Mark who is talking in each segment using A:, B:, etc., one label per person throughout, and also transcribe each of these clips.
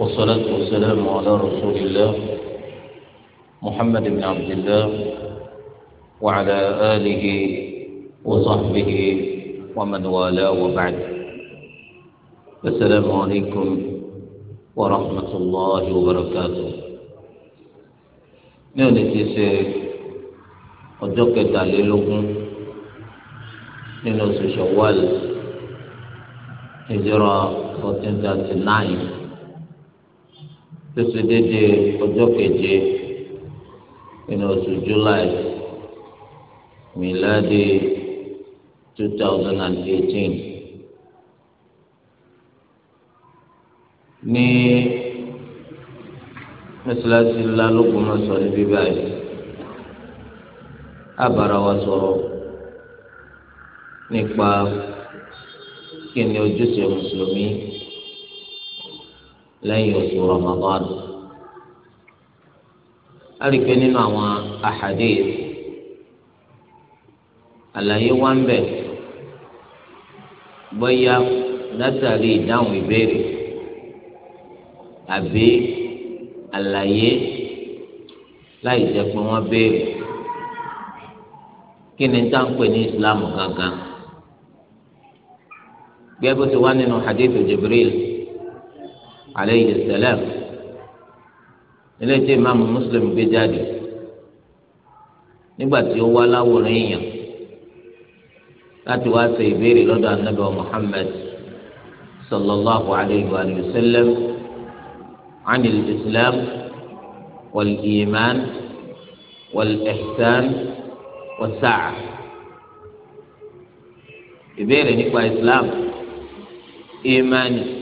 A: والصلاة والسلام على رسول الله محمد بن عبد الله وعلى آله وصحبه ومن والاه وبعد
B: السلام عليكم
A: ورحمة الله وبركاته ní òní ti ṣe ọjọ́ kẹtàlélógún nínú oṣù ṣọwọ́ọ̀lì ìjọra fourteen thirty nine tó ṣe déédéé ọjọ́ keje nínú oṣù July miladi two thousand and eighteen ní mẹsàlásì ńlá lókun náà sọ níbí báyìí àbára wa sọ̀rọ̀ nípa kí ni ojúṣe mùsùlùmí lẹ́yìn oṣù Ramadan alìpé nínú àwọn ahadith àlàyé wá ń bẹ bóyá látàrí ìdáhùn ìbéèrè àbí àlàyé láì jẹ́ pé wọ́n béèrè kí ni tá à ń pè ní Islam gangan gẹ́gẹ́ bó ti wá nínú hadith Jibril aleyhi salam eléyìí tí imaamu muslim gbé jáde nígbà tí ó wá láwòrán èèyàn láti wá ṣe ìbéèrè lọ́dọ̀ anabi muhammed sallallahu alayhi wa sallam عن الإسلام والإيمان والإحسان والساعة ìbéèrè nípa islam ìmánì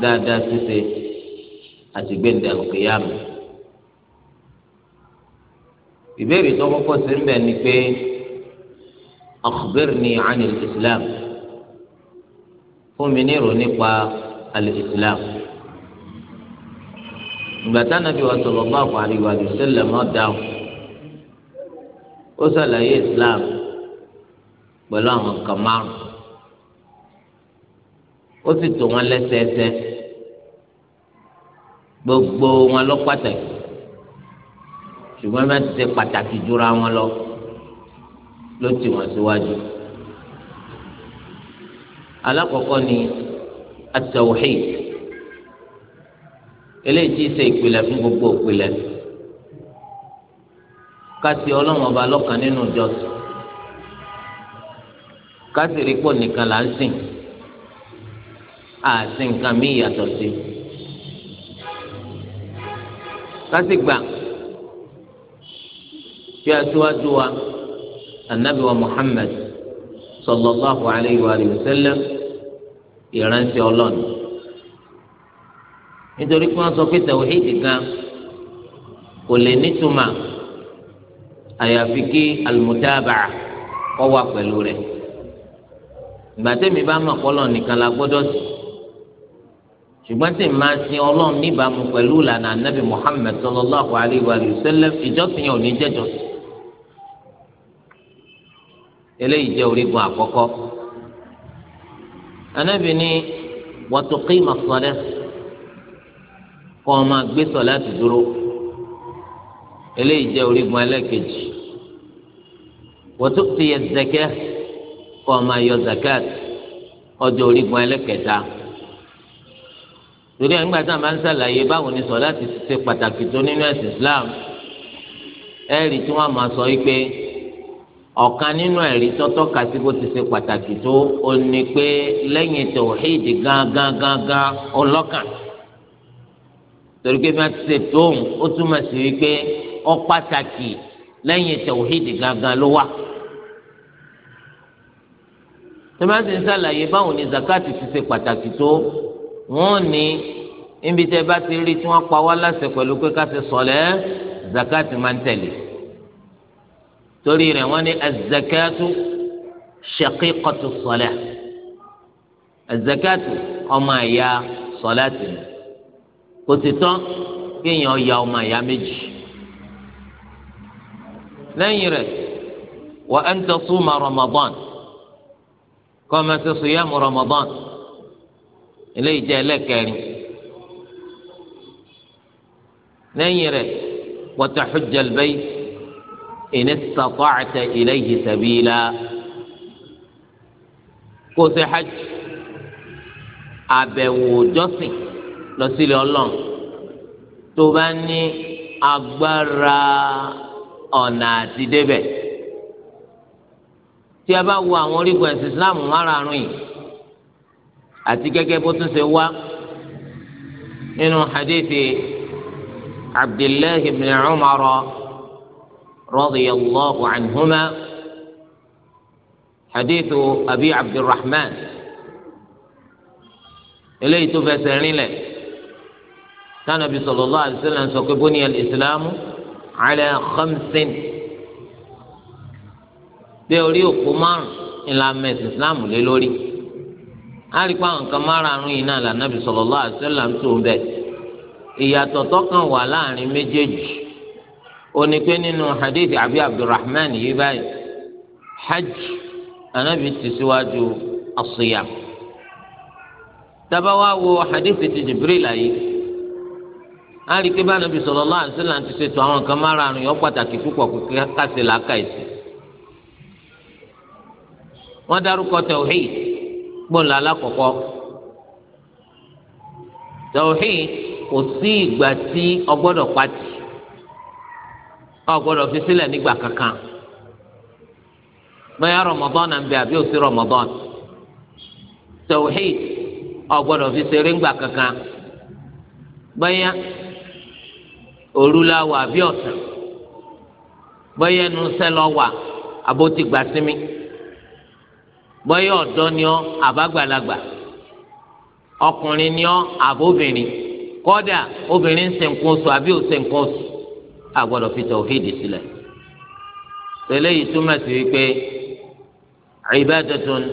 A: dáadáa ṣíṣe àti gbẹ̀ndẹ̀ àlùkìyàmù. ìbéèrè tó kọ́kọ́ sí mbẹ́ ni pé akhbirni ani islam fún mi ní ìròyìn nípa al-islam. ìgbà táwọn àbí wa sallallahu alaihi wa sallam dáhùn ó ṣàlàyé islam pẹ̀lú àwọn kan márùn-ún ó sì tò wọn lẹ́sẹẹsẹ gbogbo wọn lọ pàtàkì ṣùgbọ́n bá ti ṣe pàtàkì jura wọn lọ ló tì wọn síwájú. alákọ̀ọ́kọ́ ni at-tawhid eléyìí ti ṣe ìpìlẹ̀ fún gbogbo ìpìlẹ̀ kásì ọlọ́run ọba lọ́kàn nínú ìjọsìn kásì rí pọ̀ nìkan là ń sìn àti nǹkan míì yàtọ̀ sí. kásìgbà tí a síwájú wa anabi wa muhammad sallallahu alayhi wa sallam ìránṣẹ́ ọlọ́run nítorí pé wọ́n sọ pé tawhid gan kò lè nítumọ̀ àyàfi kí almutaba'a kọ́ wà pẹ̀lú rẹ̀ ìgbà bá mọ̀ pọ́lọ́ nìkan la gbọ́dọ̀ sí ṣùgbọ́n tí màá sin ọlọ́run níbàámu pẹ̀lú ìlànà anabi muhammed sallallahu alayhi wa sallam ìjọsìn yẹn ò ní jẹ́jọ́ eléyìí jẹ́ orígun àkọ́kọ́ anabi ni wa tuqima as-salah kọ́ ọ máa gbé sọ̀láàtì dúró eléyìí jẹ́ orígun ẹlẹ́kejì wa tu'ti az kọ́ ọ máa yọ zakat ọjọ́ orígun ẹlẹ́kẹta torí ẹ̀ńgbà tá a máa ń ṣàlàyé báwo ni sọ láti ṣe pàtàkì tó nínú ẹ̀sìn Islam ẹ̀rí tí wọ́n máa sọ yìí pé ọ̀kan nínú ẹ̀rí tọ́tọ́ ka sí bó ti ṣe pàtàkì tó o ní pé lẹ́yìn tòhídì gángan gángan ọlọ́kàn torí pé bá ti ṣe tóun ó túmọ̀ sí wípé ó pàtàkì lẹ́yìn tòhídì gángan ló wà tọ́mátì ń ṣàlàyé báwo ni zakati ti ṣe pàtàkì tó wọn ní níbi tẹ bá ti rí tí wọn pa wá láṣẹ pẹ̀lú pé ká ṣe sọlẹ zakati máa ń tẹ̀lé torí rẹ̀ wọn ní azakatu shaqiqatu sọlẹ azakatu ọmọ àyà sọlẹ tì ní kò sì tán kéèyàn ya ọmọ àyà méjì lẹ́yìn rẹ̀ wa an tasuma ramadan kọ́ ọ́ máa ṣe eléyìí jẹ́ ẹlẹ́kẹrin lẹ́yìn rẹ̀ wọ́tà hujjal bayt in istata'ta ilayhi sabila kó ṣe hajj àbẹ̀wò jọ́sìn lọ sílẹ̀ ọlọ́run tó bá ní agbára ọ̀nà àti débẹ̀ tí a bá wo àwọn orígun ẹ̀sìn islam márààrún yìí àti gẹ́gẹ́ bó tún ṣe wá nínú hadithi abdullahi ibn umar radiyallahu anhuma hadithu abi abdulrahman eléyìí tó fẹsẹ̀ rinlẹ̀ tánàbí sallallahu alaihi wasallam sọ pé bóni al-islamu khamsin dé orí òkú márùn ìlànà islam lé lórí. àríkpá àwọn nǹkan márààrún yìí náà lànàbì sallallahu alaihi wasallam tó ń bẹ ìyàtọ̀ tọkàn wà láàrin méjèèjì onípe nínú hadith abi abdulrahman yìí báyìí hajj ànábì ti síwájú tabawa wo hadith ti jibril ayé àríkpé bá ànábì sallallahu alaihi wasallam ti ṣètò àwọn nǹkan márààrún yìí pàtàkì púpọ̀ kásìlá gbọ́nla alákọ̀ọ́kọ́ tawhid kò sí ìgbà tí ọgbọ́dọ̀ pati ọgbọ́dọ̀ fi sílẹ̀ nígbà kankan bóyá Ramadan náà ń bẹ àbí òsì Ramadan tawhid ọgbọ́dọ̀ fi ṣeré ńgbà kankan bóyá òru àbí ọ̀sán bóyá ẹnu sẹ́lọ̀ simi. bọ́yọ̀ ọ̀dọ́ ni ọ́ àbágbàlagbà ọkùnrin ni ọ́ àbóbìnrin kọ́dà obìnrin ń ṣe nǹkan oṣù àbí ò ṣe nǹkan oṣù àgbọ̀dọ̀ fi tọ̀hídì sílẹ̀ tẹ̀lé yìí túmọ̀ sí wípé ibadatun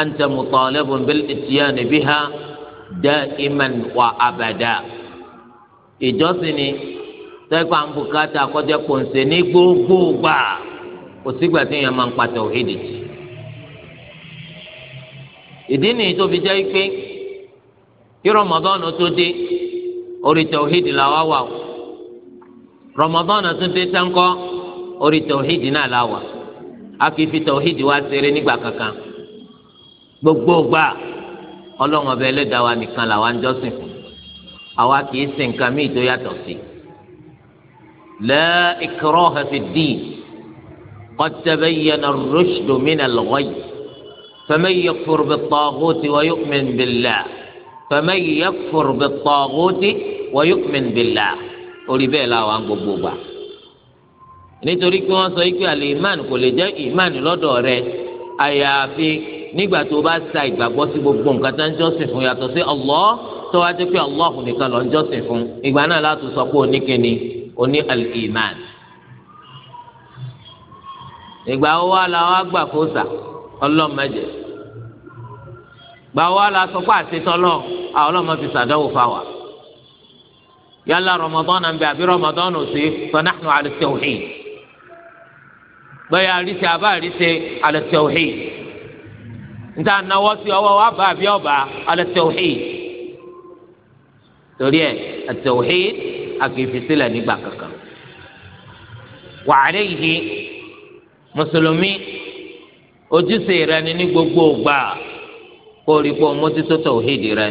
A: anta mutalabun bil ityani biha daiman wa abada ìjọsìn ni tẹ́gbà ń kọjá pòǹsẹ̀ ní gbogbo gbà kò tí èèyàn máa ń pa tọ̀hídì sí. ìdí nìyí tó fi jẹ́ pé kí Ramadan tó dé orí tawhid la wà o Ramadan tó a kì í fi wá gbogbo gbà ẹlẹ́dàá wa nìkan làwa ń jọ́sìn fún àwa kì í sìn nǹkan míì tó yàtọ̀ sí i la فمن يكفر بالطاغوت ويؤمن بالله فمن يكفر بالطاغوت ويؤمن بالله orí bẹ́ẹ̀ la wà ń gbogbo gbà nítorí pé wọ́n sọ yìí pé àlè imáàni kò lè jẹ́ imáàni lọ́dọ̀ rẹ àyàfi nígbà tó bá sa ìgbàgbọ́ sí gbogbo nǹkan tó ń jọ́sìn fún yàtọ̀ sí Allah tó wá jẹ́ pé Allah nìkan ló ń jọ́sìn fún ìgbà náà láti sọ pé oníkíni oní al-iman ìgbà wo wá la wá gbà fóòsà. ọlọ́mọdé gbàwọ́ la sọ ala àṣetọ́lọ́ àwọn fi sàdánwò fa wa yálà Ramadan náà ń bẹ àbí Ramadan náà sí fanahnu ala tawhid bẹ́ẹ̀ àríṣe àbá àríṣe ala tawhid níta náwó sí wa bá ọba ala torí ẹ at-tawhid àkèéfì nígbà kankan wàhálẹ́ yìí ojúṣe rẹ ni ní gbogbo ògbà kó o rí pé o mójútó tòhídì rẹ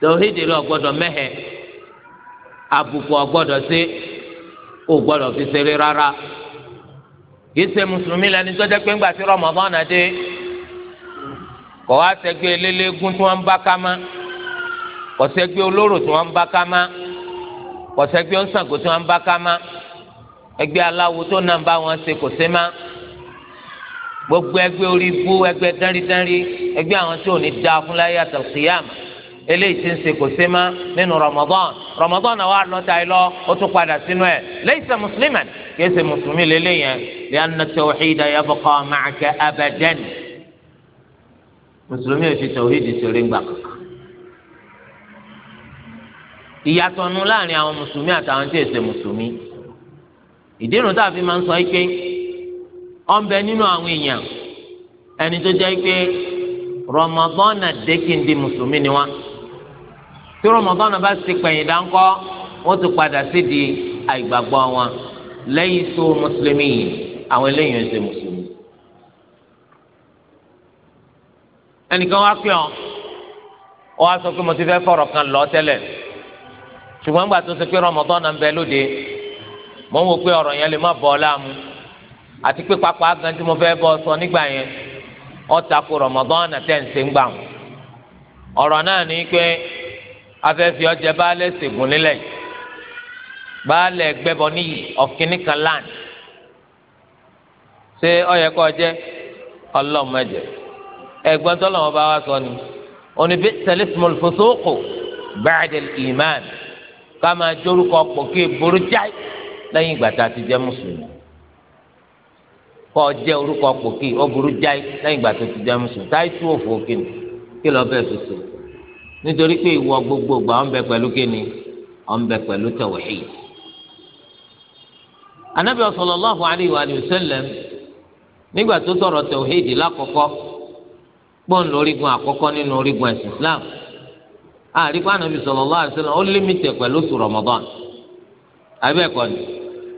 A: tòhídì rẹ ọgbọdọ mẹhẹ àbùkù ọgbọdọ sí ògbọ́dọ̀ fi ṣeré rárá kìí ṣe mùsùlùmí lẹni tó jẹ́ pé ńgbà tí rọmọdánà dé kò wá ṣẹgbẹ́ eléléegún tí wọ́n ń bá kámá kò ṣẹgbẹ́ olóró tí wọ́n ń bá kò tí ń bá gbogbo egbe ori ibú egbe dánrídánrí ẹgbẹ́ àwọn tí ò ní da fún láyé àtàkìyàmù eléyìí ti ń se kò sí ma nínú Ramadan Ramadan náà wà lọ́tà yìí lọ ó tún padà sínú ẹ̀ laysa musliman kìí ṣe mùsùlùmí lélẹ̀ yẹn li anna tawhida yabqa ma'aka abadan mùsùlùmí ò fi tawhidi sórí ńgbà kankan. ìyàtọ̀ nu láàrin àwọn mùsùlùmí àtàwọn tí ì ṣe mùsùlùmí a fi ọ̀nbẹ nínú àwọn èèyàn ẹni tó jẹ́ pé rọmọdọ́nà dékìndé mùsùlùmí ni wá tí rọmọdọ́nà bá ti pẹ̀yìn dáńkọ́ wọ́n ti padà sí di àìgbàgbọ́ wọn lẹ́yìn tó mùsùlùmí yìí àwọn eléyìí ń ṣe mùsùlùmí. ẹnìkan wá pè ọ́ ọ wá sọ pé mo ti fẹ́ fọ̀rọ̀ kan lọ tẹ́lẹ̀ ṣùgbọ́n gbà tó ṣe pé rọmọdọ́nà ń bẹ lóde mò ń wò pé ọ̀rọ̀ yẹn lè má bọ́ ọ láàmú àti pé pápá gan tí mo fẹ́ bọ́ sọ nígbà yẹn ọ̀tàkù rọ̀mọ̀dán àtẹ̀ ń ṣe ń gbà wọn. ọ̀rọ̀ náà ní pé afẹ́fẹ́ ọjẹ́ baálé ṣègùn nílẹ̀ baálé gbẹ́bọ níyì ọ̀kíní kan land ṣé ọyẹ kọ́ jẹ́ ọlọ́mọdé ẹ̀gbọ́n tó lọ́wọ́ bá wa sọ ni oníbi tẹlifíṣmọ̀lù fòsókò báyìí ìmáàmì ká máa jórúkọ pọ̀ kí eburú ti jẹ́ mùsùlùmí. kọ́ jẹ́ orúkọ pòkì ó jáì lẹ́yìn ìgbà tó ti jẹ́ mùsùlùmí oke òfò kìnnì kí lọ́ọ́ bẹ́ẹ̀ fi sè nítorí pé ìwọ gbogbo gbà bẹ pẹ̀lú kìnnì ọ̀n bẹ pẹ̀lú tawhid. anabi sallallahu alayhi wa sallam nígbà tó sọ̀rọ̀ tawhid lákọ̀ọ́kọ́ gbọ́n lórígun àkọ́kọ́ nínú orígun ẹ̀sìn Islam ó Ramadan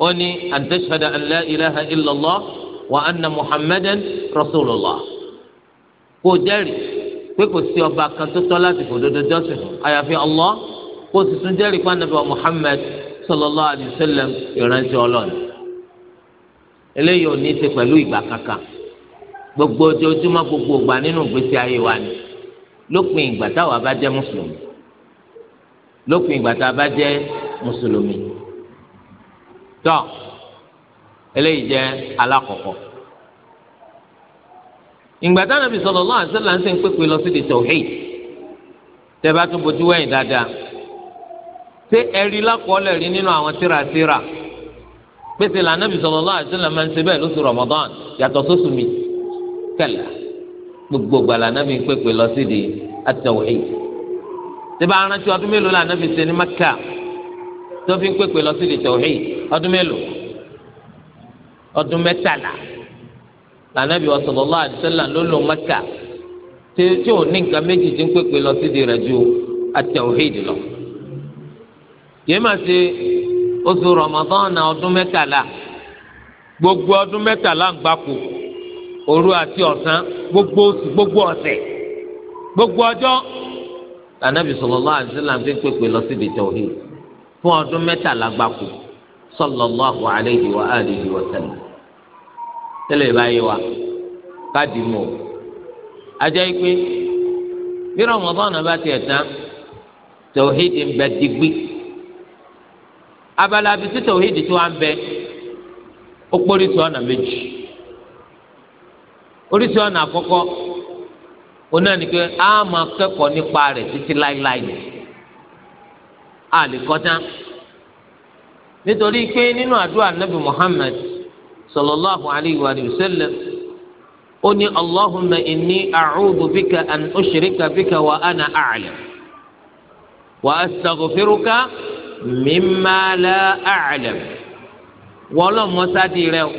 A: ó ní wa anna muhammadan rasulullah kó o jẹ́rìí pé kò sí ọba kan tó tọ́ láti fòdodo jọ́sìn àyàfi Allah kó o sì tún jẹ́rìí pé anabi muhammad sallallahu alayhi wa sallam ìránṣẹ́ ọlọ́run eléyìí ò ní ṣe pẹ̀lú ìgbà kankan gbogbo ojoojúmọ́ gbogbo ìgbà nínú ìgbésí ayé wa ni lópin ìgbà táwa bá jẹ́ mùsùlùmí lópin ìgbà táwa bá jẹ́ mùsùlùmí tọ́ eléyìí jẹ́ alákọ̀ọ́kọ́ ìgbà tí Ànábì sallallahu alaihi wasallam ń pèpè lọ sí di tauhid tẹ́bá tún bojú wẹ̀yìn dáadáa ṣé ẹ̀rí lákọọ́lẹ̀ rí nínú àwọn tíratíra pèsè l'Ànábì sallallahu alaihi wasallam máa ń ṣe bẹ́ẹ̀ lóṣù Ramadan yàtọ̀ sóṣù mi kẹlẹ́ gbogbo gbà l'Ànábì ń pèpè lọ sí di at-tauhid tẹ́bá arántí ọdún mélòó l'Ànábì ṣe ní Mẹ́kà tó fi ń pèpè lọ sí di tauhid ọdún mélòó ọdún mẹ́tàlá lànàbí wa sallallahu alaihi wasallam ló lò Mẹ́kà tí tí ò ní nǹkan méjì tí ń pèpè lọ sídìí rẹ̀ ju lọ. máa ṣe oṣù ọdún gbogbo ọdún mẹ́tàlá ń gbogbo oṣù gbogbo ọ̀sẹ̀ gbogbo ọjọ́ ń pèpè lọ fún ọdún tẹlẹ báyìí wa káàdì mọ̀ ajá yìí pé bí bá tiẹ̀ tán tòhídì ń bẹ digbí abala abisi tòhídì tó wà ń bẹ ó kpórí sí ọ̀nà méjì oríṣi ọ̀nà àkọ́kọ́ oní máa a lè kọ́ tán nítorí pé nínú Muhammad. sallallahu alayhi wa sallam ó ní allahumma inni bika an ushrika bika wa ana wa astaghfiruka mimma la a'lam wọlọ mọsádì rẹ o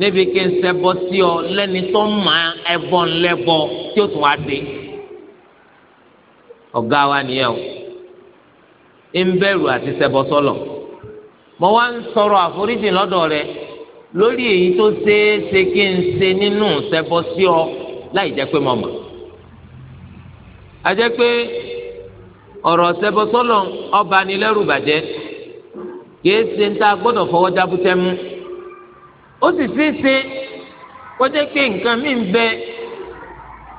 A: níbi kí n ṣẹbọ sí ọ lẹni tó máa ẹbọ ńlẹbọ tí ó tún wá dé lórí èyí tó ṣeé ṣe kí n ṣe nínú ṣẹbọ sí ọ láì jẹ́ pé mo mọ̀ àjẹ́ pé ọ̀rọ̀ ṣẹbọ sọ́lọ̀ ọba ni lẹ́rù bàjẹ́ kìí ṣe ń ta gbọ́dọ̀ fọwọ́ jábútẹ́ mú ó sì ṣeé ṣe kọjá pé nǹkan mi ń bẹ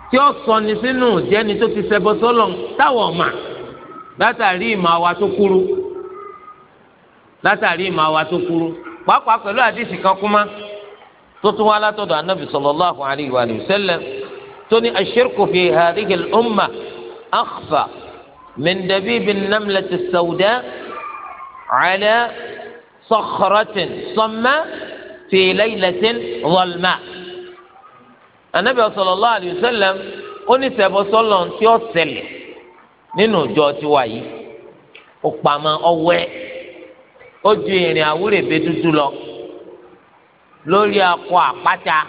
A: tí ó sọni sínú jẹ́ni tó ti ṣẹbọ sọ́lọ̀ táwọn ọ̀mà látàrí ìmọ̀ àwa tó kúrú látàrí ìmọ̀ àwa tó kúrú. pàápàá pẹ̀lú àdìsí kan kúmá tó tún wá látọ̀dọ̀ anábì sallallahu alayhi wa sallam tó ní ash-shirku fi hadhihi al-umma akhfa min dabibi an-namlati as-sawda ala sakhratin samma fi laylatin zalma anabi sallallahu alayhi wa sallam ó ní sẹbọ sọlọ tí ó ṣẹlẹ̀ nínú ìjọ tiwa yìí ó pamọ́ ọwẹ. ó ju ìrìn àwúrèbe dúdú lọ lórí akọ àpáta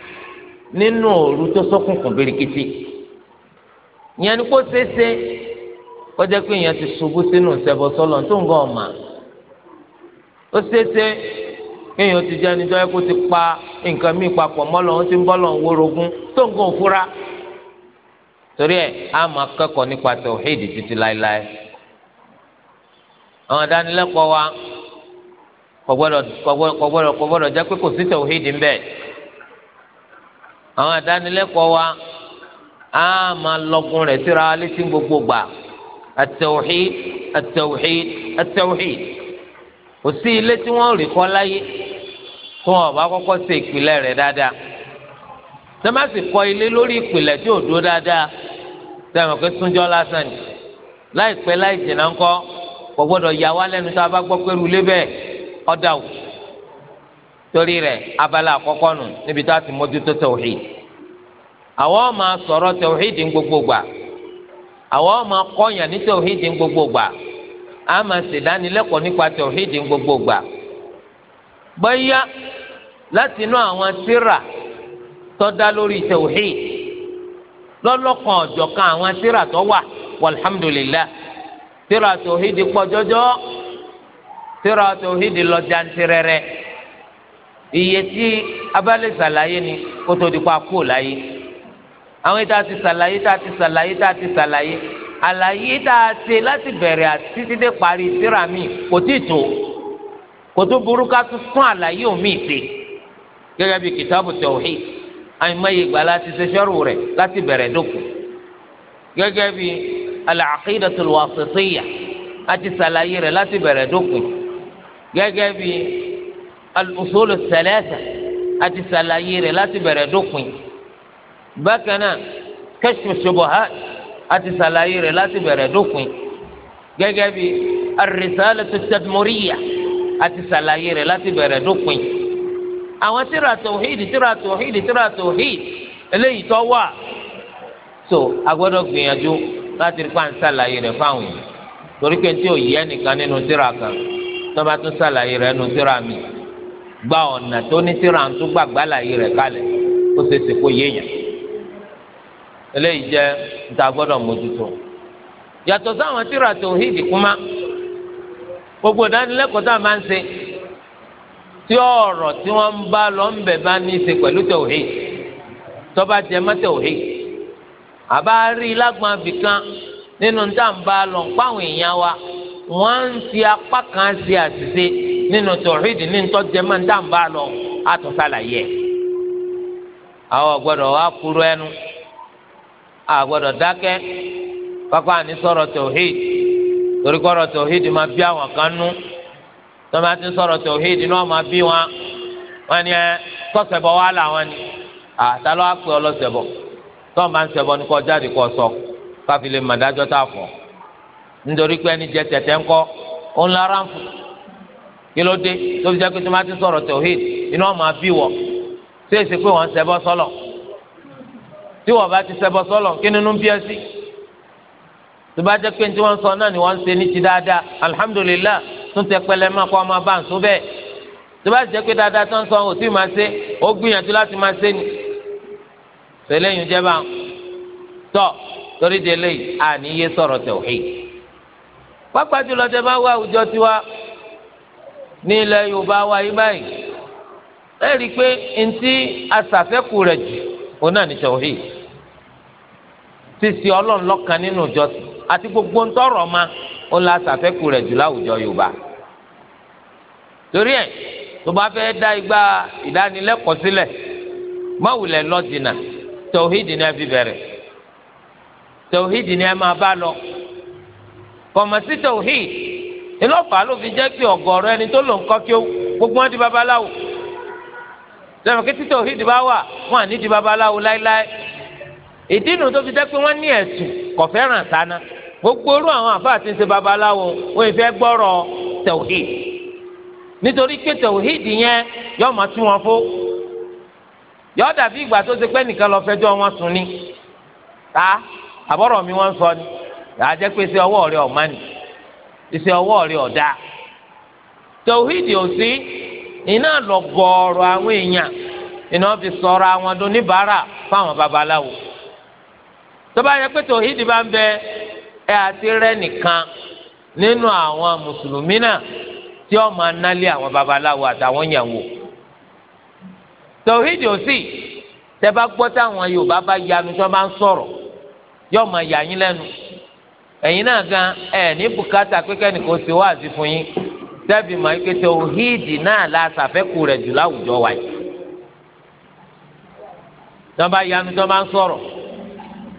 A: nínú òru tó ṣókùnkùn birikiti ìyẹn ni kó ṣeéṣe ó jẹ́ pé ìyẹn ti ṣubú sínú ìṣẹbọ sọlọ tó ń gan ọmọ ó ṣeéṣe kéèyàn ti jẹ́ kó ti pa nǹkan míì papọ̀ mọ́lọ́ ó ti ń bọ́lọ̀ wórogún tó ń gan òfura torí máa kẹ́kọ̀ọ́ nípa títí láéláé àwọn wa. kọgbọdọ kọgbọdọ kọgbọdọ jẹ pé kò sí tòhídìí ńbẹ àwọn àdánilẹ́kọ̀ọ́ wa á máa lọgun rẹ̀ síra létí gbogbo gbà at-tawhid at-tawhid at-tawhid kò sí ilé tí wọ́n rí kọ́ láyé tí wọ́n bá kọ́kọ́ ṣe ìpìlẹ̀ rẹ̀ dáadáa tẹmẹsì kọ́ ilé lórí ìpìlẹ̀ tí ò dúró dáadáa tẹmọ pé súnjọ lásán ni láìpẹ́ láì jìnnà ńkọ́ kò yà wá lẹ́nu tá a bá gbọ́ pé rúlé bẹ́ẹ̀. ọ̀dà wù torí rẹ̀ abala àkọ́kọ́ nù níbi tá a ti mójútó tawhid àwọn máa sọ̀rọ̀ tawhid ní gbogbo gbà àwọn máa kọ́yàn ní tawhid ní gbogbo gbà a máa ṣèdánilẹ́kọ̀ọ́ nípa tawhid ní gbogbo gbà bóyá láti inú àwọn tírà tó dá lórí tawhid lọ́lọ́kan ọ̀jọ̀kan àwọn tírà tó wà walhamdulillah tírà tawhid pọ̀ jọjọ́. tíra tòhídì lọ jantirẹrẹ iye tí abálẹ̀ sàlàyé ni kótó di pa kó láyé àwọn ìta ti sàlàyé tá a ti sàlàyé tá a ti sàlàyé àlàyé tá a ṣe láti bẹ̀rẹ̀ àti títí parí tíra mi kò tí ì tó kò tó burú ká tún tún àlàyé òmíì bí kìtàbù tòhídì àìmọye ìgbà láti ṣe sọ́rù láti bẹ̀rẹ̀ dókun gẹ́gẹ́ bí al-aqidatul wasitiyya àti sàlàyé láti bẹ̀rẹ̀ dókun gẹ́gẹ́ bí al-usul al-thalatha àti sàlàyé rẹ̀ láti bẹ̀rẹ̀ dópin bákan náà kashfu shubuhat àti sàlàyé rẹ̀ láti bẹ̀rẹ̀ dópin gẹ́gẹ́ bí ar-risalatu at-tadmuriyya àti sàlàyé rẹ̀ láti bẹ̀rẹ̀ dópin àwọn tíra tòhídì tíra tòhídì tíra tòhídì eléyìí tó wà so agbọ́dọ̀ gbìyànjú láti rí pàǹsá làyè rẹ̀ fáwọn yìí torí pé tí ò yẹ nìkan nínú tíra kan tó bá tún ṣàlàyé rẹ̀ nu síra mi gba ọ̀nà tó ní síra ń tún gbàgbá àlàyé rẹ̀ kalẹ̀ ó ṣe ṣe kó yéèyàn eléyìí jẹ́ níta gbọ́dọ̀ mójútó yàtọ̀ sáwọn tíra tòhídì kúmá gbogbo ìdánilẹ́kọ̀ọ́ tá a máa ń ṣe tí ọ̀rọ̀ tí wọ́n ń bá lọ ń bẹ̀ bá ní í ṣe pẹ̀lú tòhídì tó bá jẹ mọ́ tòhídì àbá rí lágbọ́n abìkan nínú níta ń bá lọ pàwọn èèyàn wa. wọ́n ń fi apá kan ṣe àṣìṣe nínú tọ̀hídì ní ntọ́jẹ́ máa ń dá ń lọ àwọn ẹnu àgbọ́dọ̀ dákẹ́ pápá ní sọ̀rọ̀ tọ̀hídì torí kọ́rọ̀ tọ̀hídì máa bí àwọn kan nú ti sọ̀rọ̀ náà máa bí wọn wọn ni ẹ ni àtàlọ́ àpè ọlọ́sẹ̀bọ̀ ń sẹ̀bọ̀ ní sọ káfílẹ̀ màdájọ́ nítorí pé ẹni jẹ tẹ̀tẹ̀ ńkọ́ ó ń lára ń fò kí ló dé tó fi jẹ́ pé tó máa ti sọ̀rọ̀ tòhíd iná ọmọ àbí wọ̀ tí èsì pé wọ́n ń ṣẹbọ sọ́lọ̀ tí wọ́n bá ti ṣẹbọ sọ́lọ̀ kí nínú ń bí ẹ sí tó bá jẹ́ pé tí wọ́n ń sọ náà ni wọ́n ń ṣe ní ti dáadáa alhamdulillah tún tẹ pẹlẹ máa kọ́ ọmọ bá ń sún bẹ́ẹ̀ tó bá jẹ́ pé dáadáa tó ń sọ ò tí ì máa ṣe ó pàápàá jùlọ bá wá àwùjọ tiwa ní ilẹ̀ yorùbá wa yìí báyìí ẹ rí i pé ntí asàfẹ́kù rẹ̀ jù òun náà ní tawhid sísè ọlọ́run lọ́kan nínú àti gbogbo ntọ́rọ̀ ma òun la asàfẹ́kù rẹ̀ jù láwùjọ yorùbá torí ẹ̀ tó bá fẹ́ dá igba ìdánilẹ́kọ̀ọ́ sílẹ̀ lọ́dínà ẹ fi bẹ̀rẹ̀ ẹ máa bá kọ̀mọ̀sí tòhíì ìlọ́fà ló fi jẹ́ pé ọ̀gọ̀ọ̀rọ̀ ẹni tó lò ń kọ́ kí ó gbogbo wọn di babaláwo lẹ́nu kí títọ̀ òhìdì bá wà wọn à di babaláwo láéláé ìdí nu tó fi jẹ́ pé wọ́n ní ẹ̀sùn kò fẹ́ràn sáná gbogbo orú àwọn àfa àti ṣe babaláwo wọn ìfẹ́ gbọ́rọ̀ tẹ̀wọ̀hìd nítorí pé tẹ̀wọ̀hìd yẹn yóò máa tú wọn fó yóò dàbí ìgbà tó ṣe pé nìkan lọ fẹjọ́ wọn sùn ni ta àbọ̀rọ̀ mi wọ́n sọ ni àjẹ́ pé iṣẹ́ ọwọ́ rẹ ọ̀ma ni iṣẹ́ ọwọ́ rẹ ọ̀dá tòhídìí òsì iná lọ gọ̀ọ̀rọ̀ àwọn èèyàn iná fi sọ̀rọ̀ àwọn oníbàárà fáwọn babaláwo tó bá yẹ pé tòhídìí bá ń bẹ ẹ àti rẹ nìkan nínú àwọn mùsùlùmí náà tí ó máa nálé àwọn babaláwo àtàwọn yàwó tòhídìí òsì tẹ bá gbọ́ táwọn yorùbá bá yanu tí wọ́n bá ń sọ̀rọ̀ yóò máa yà yín lẹ́nu ẹ̀yin náà gan ẹ̀ ní bùkátà pẹ́kẹ́ nìkan wá àti fún yín dẹ́bi mọ̀ ike tó hídì náà la ṣàfẹ́kù rẹ̀ jù láwùjọ wa yìí. yanu ń sọ̀rọ̀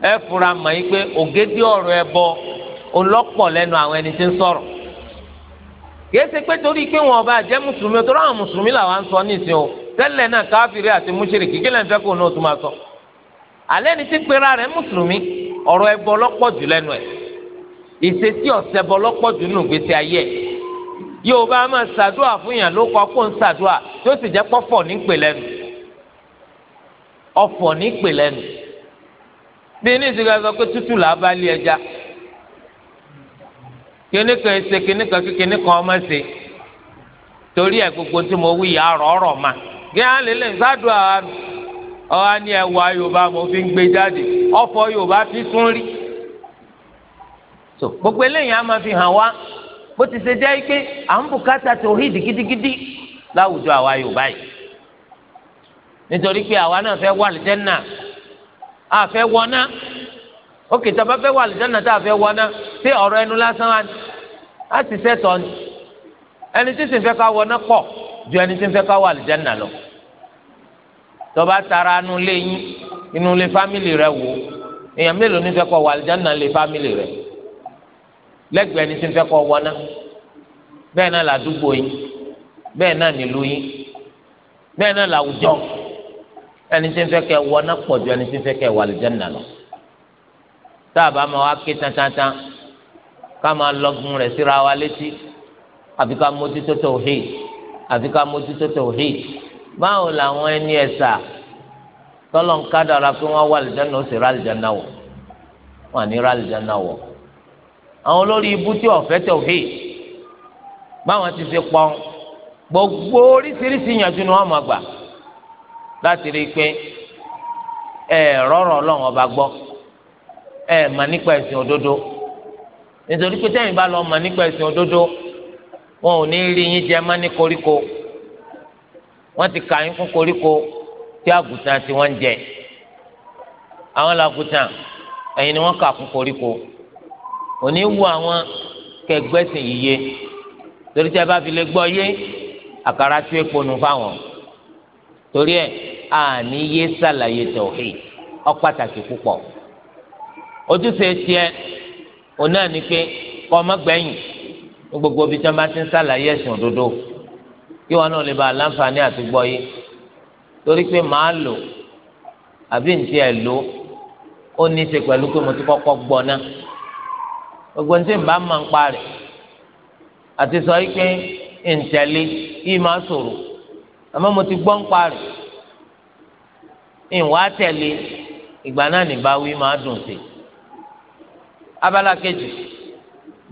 A: ẹ fura ma yín ògédé ọ̀rọ̀ ẹ bọ ọlọ́pọ̀ lẹ́nu àwọn ẹni tí ń sọ̀rọ̀. kìí pé torí pé wọn ọba mùsùlùmí o àwọn mùsùlùmí làwọn ń sọ o ni pera mùsùlùmí ọ̀rọ̀ ẹ bọ ìṣesí ọ̀sẹ̀bọ lọ́pọ̀ jù nù gbèsè ayé yóò bá máa ṣàdúrà fún yàn ló kọ́ kó ń ṣàdúrà tó sì jẹ́ pọ́fọ̀ ní pè lẹ́nu ọ̀fọ̀ ní pè lẹ́nu bí ní ìsìnkà sọ pé tútù là á bá lé ẹja kíní kan ṣe kíní kan kí kíní kan ọmọ ṣe torí ẹ gbogbo tí mo wí yà rọ̀ ọ̀rọ̀ mà kí á lè lè ṣàdúrà ọ̀hání ẹ̀wà Yorùbá mo fi ń gbé jáde ọ̀fọ̀ Yorùbá fi tún rí so gbogbo eléyìí a máa fi hàn wá bó ti ṣe jẹ́ pé à ń bùkátà tòhídì gidigidi láwùjọ àwa Yorùbá yìí nítorí pé àwa náà fẹ́ wà lìjẹ́nà a fẹ́ wọná òkè tá a bá fẹ́ wà lìjẹ́nà tá a fẹ́ wọná ṣé ọ̀rọ̀ ẹnu lásán wa ni a ti sẹ́tọ̀ ni ẹni tí sì ń fẹ́ ká wọná pọ̀ ju ẹni tí ń fẹ́ ká wà lìjẹ́nà lọ tọba tara inú ilé inú ilé fámìlì rẹ wò èèyàn mélòó ní fẹ́ kọ́ wà lìjẹ́nà ilé fámìlì rẹ lẹ́gbẹ̀ẹ́ ni tí ń fẹ́ kọ́ wọná bẹ́ẹ̀ náà làdúgbò yín bẹ́ẹ̀ náà nílùú yín bẹ́ẹ̀ náà làwùjọ ẹni tí ń fẹ́ kẹ́ wọná pọ̀ ju ẹni tí ń fẹ́ kẹ́ wà lìjẹ́nà lọ. tá a bá máa wá ké tantantan ká máa lọ́gùn rẹ̀ síra wa létí àfi ká mójútó tó hì àfi ká mójútó tó hì báwo làwọn ẹni ẹ̀sà tọ́lọ̀ ń kádàrà pé wọ́n wà lìjẹ́nà ó sì rà lìjẹ́nà wọ̀ wọ́n à ní rà lìjẹ́nà wọ̀ àwọn olórí ibú tí ọ̀fẹ́ tẹ̀ òhè báwọn ti ṣe pọ́n gbogbo oríṣiríṣi ìyànjú ni wọ́n máa gbà láti rí i pé ẹ rọrọ ọlọ́run ọba gbọ́ ẹ mà nípa ẹ̀sìn òdodo nítorí pé tẹ́yìn bá lọ mà nípa ẹ̀sìn òdodo wọn ò ní rí yín jẹ má ní koríko wọ́n ti kà yín fún koríko tí àgùntàn tí wọ́n ń jẹ àwọn làgùntàn ẹ̀yin ni wọ́n kà fún koríko òní wu àwọn kẹgbẹ́sìn yíyé torí tí a bá fi lè gbọ́ yé àkàrà tí ó ponu fáwọn torí ẹ̀ àní yé sàlàyé tauhid ó pàtàkì púpọ̀ ojúṣe tiẹ̀ òun náà ni pé kọ́ ọmọ gbẹ̀yìn ní gbogbo ibi tí wọ́n bá ti ń sàlàyé ẹ̀sìn òdodo kí wọn náà lè ba àlàǹfààní àti gbọ́ yé torí pé màá lò àbí ntí ẹ̀ lò ó ní í ṣe pẹ̀lú pé mo ti kọ́kọ́ gbọ́ náà gbogbo ní tí n bá máa ń parí àti sọ yìí pé ntẹ̀lé yìí máa sọ̀rọ̀ àmọ́ mo ti gbọ́ ń parí ìwà tẹ̀lé ìgbà náà nìbá wí máa dùn sí abala kejì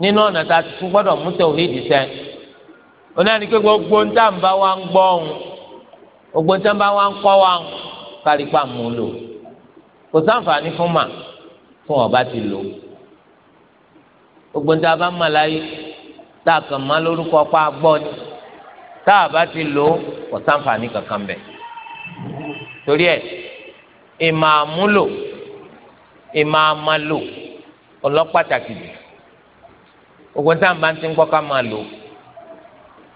A: nínú ọ̀nà tá a ti tún gbọ́dọ̀ mú tẹ̀wéèdì sẹ́ oní àná kékeré gbogbo ń tà ń bá wa ń gbọ́ ọ̀hún gbogbo ń tà ń bá wa ń kọ́ wa ń kárí pa mú lò kò sáǹfààní fún mà fún ọba ti lò ó gbogbo ní ta bá mọ̀ láyé tá a kàn má lórúkọ pa gbọ́ ni tá a bá ti lò ó kò sáǹfààní kankan bẹ̀. torí ẹ ìmọ̀ àmúlò ìmọ̀ àmàlò ọlọ́pàtàkì jù gbogbo ní ta bá ti ń gbọ́ ká máa lò ó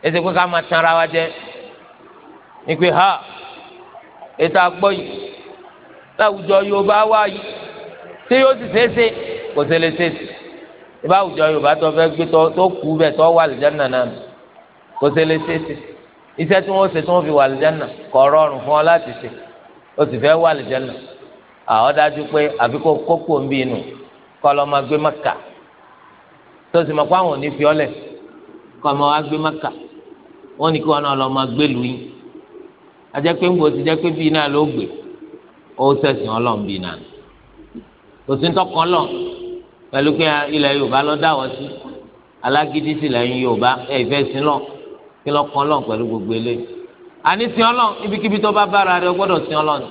A: ètò ìpín ká máa tanra wa jẹ ìpè ha ètò àgbọ̀ yìí láwùjọ Yorùbá wá yìí tí yóò sì ṣeé ṣe kò ṣe lè ṣe sí i ìbá àwùjọ yorùbá tó fẹ́ gbé tó kú bẹ̀ tó wà àlùjáná náà kò ṣe lè ṣe ṣe iṣẹ́ tí wọ́n ṣe tí wọ́n fi wà àlùjáná kò rọrùn fún ọ láti ṣe o sì fẹ́ wà àlùjáná àwọn dájú pé àfi kó kókó ń bí inú kọ́ lọ́ máa gbé mọ́kà tó sì mọ̀ pé àwọn ò fi ọ́lẹ̀ kọ́ máa wá gbé mọ́kà wọ́n ní kí wọn náà lọ́ máa gbé lu yín ajẹ́ pé ń bò ti jẹ́ pé bíi náà ló gbé ó sẹ̀sìn ọlọ́run bíi náà kò sí ń tọkàn ọlọ́run pẹ̀lú pé ilẹ̀ yorùbá lọ dáwọ́ sí alágídí sí lẹ́yìn yorùbá ẹ̀fẹ́ sílọ̀ kí lọ́ kọ́ lọ́n pẹ̀lú gbogbo ilé àní sin ọlọ́n ibikíbi tó bá bára rẹ gbọ́dọ̀ sin ọlọ́n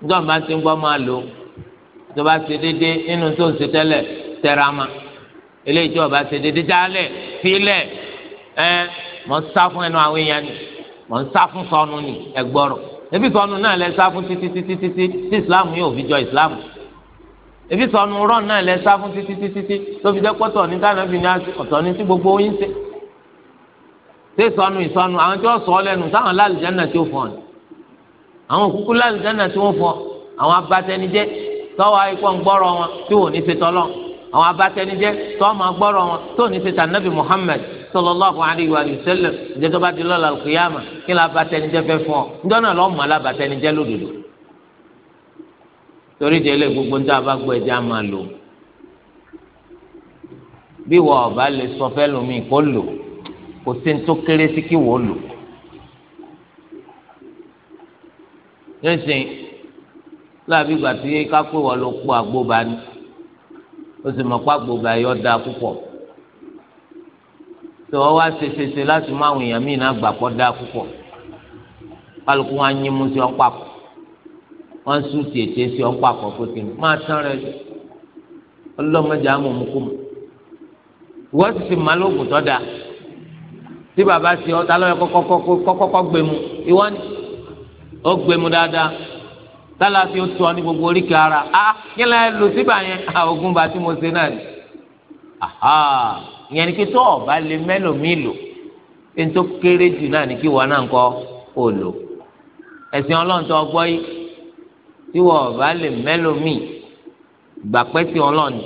A: níjọ́ máa ti ń gbọ́ máa lò tó bá ṣe dédé nínú tó ń ṣe tẹ́lẹ̀ tẹ́ra ma eléyìí tó bá ṣe dédé dálẹ̀ fílẹ̀ ẹ mọ̀ ń sá fún ẹnu àwọn èèyàn ni mọ̀ ń sá fún sọnù ni ẹgbọ́rọ̀ ebi sọnù náà lẹ sá fún títí títí tí islam yóò fi jọ islam ebi sọnù rọ́ọ̀n náà lẹ sá fún títí títí tí tó fi jẹ́ pọ́tọ̀ ní káná fi ní ọ̀tọ̀ ní tí gbogbo yín ṣe ṣé sọnù ìsọnù àwọn tí wọ́n sọ lẹ́nu sáwọn lálùjáná tí ó fọ́ ni àwọn òkúkú lálùjáná tí wọ́n fọ́ àwọn abatẹnijẹ́ tọ́wọ́ ikú ọ̀ngbọ́rọ̀ wọn tí wò ní ṣe tọ́lọ́ àwọn abatẹnijẹ́ tọ́wọ́ máa gbọ́rọ̀ wọn tó ní ṣe tànàbì Muhammad sallallahu alayhi wa sallam ìjẹ́ tó bá di lọ́la kìyàmà kí la abatẹnijẹ́ fẹ́ fún ọ torí délé gbogbo ń tá a bá gbọ́ ẹja máa lò bí wọ́n ọba lè sọ fẹ́ lómi kó lò kò sí ní tó kéré sí kí wọ́n lò. nísìnyí láàbí ìgbà tí kápẹ́ wọ́n ló pọ̀ àgbóba ni ó sì mọ̀ pé àgbóba yọ da púpọ̀ tí wọ́n wá ṣeṣeṣe láti mú àwọn èèyàn míì náà gbà pọ̀ da púpọ̀ kálukú wọn á yín mú sí ọ́n papọ̀ wọn sùn sí ètè sí ọ̀pọ̀ àkọ́kọ́ tí mo máa tán rẹ ọlọ́mọdé amọ̀mukú mu wọ́n sì ti máa lóògùn tó dáa tí bàbá sí ọ̀tá lọ́yọ̀ kọ́kọ́kọ́ gbé mu ìwọ́n ni ó gbé mu dáadáa tálàfi ó tọ́ ní gbogbo oríkèé ara á ah, kí lóò lò síbà yẹn ah, ogun bá tí mo ṣe náà ni ìyẹn ni kí tó ọ̀bá lè mẹ́lòmíì lò ẹni kéré jù náà ni kí wọn náà ń kọ́ òòlò ẹ̀sìn ọlọ́run tó ọgbọ́ yìí tí wọn ọba lè mẹlòmíì gbàpẹ́ tí wọn lọ ni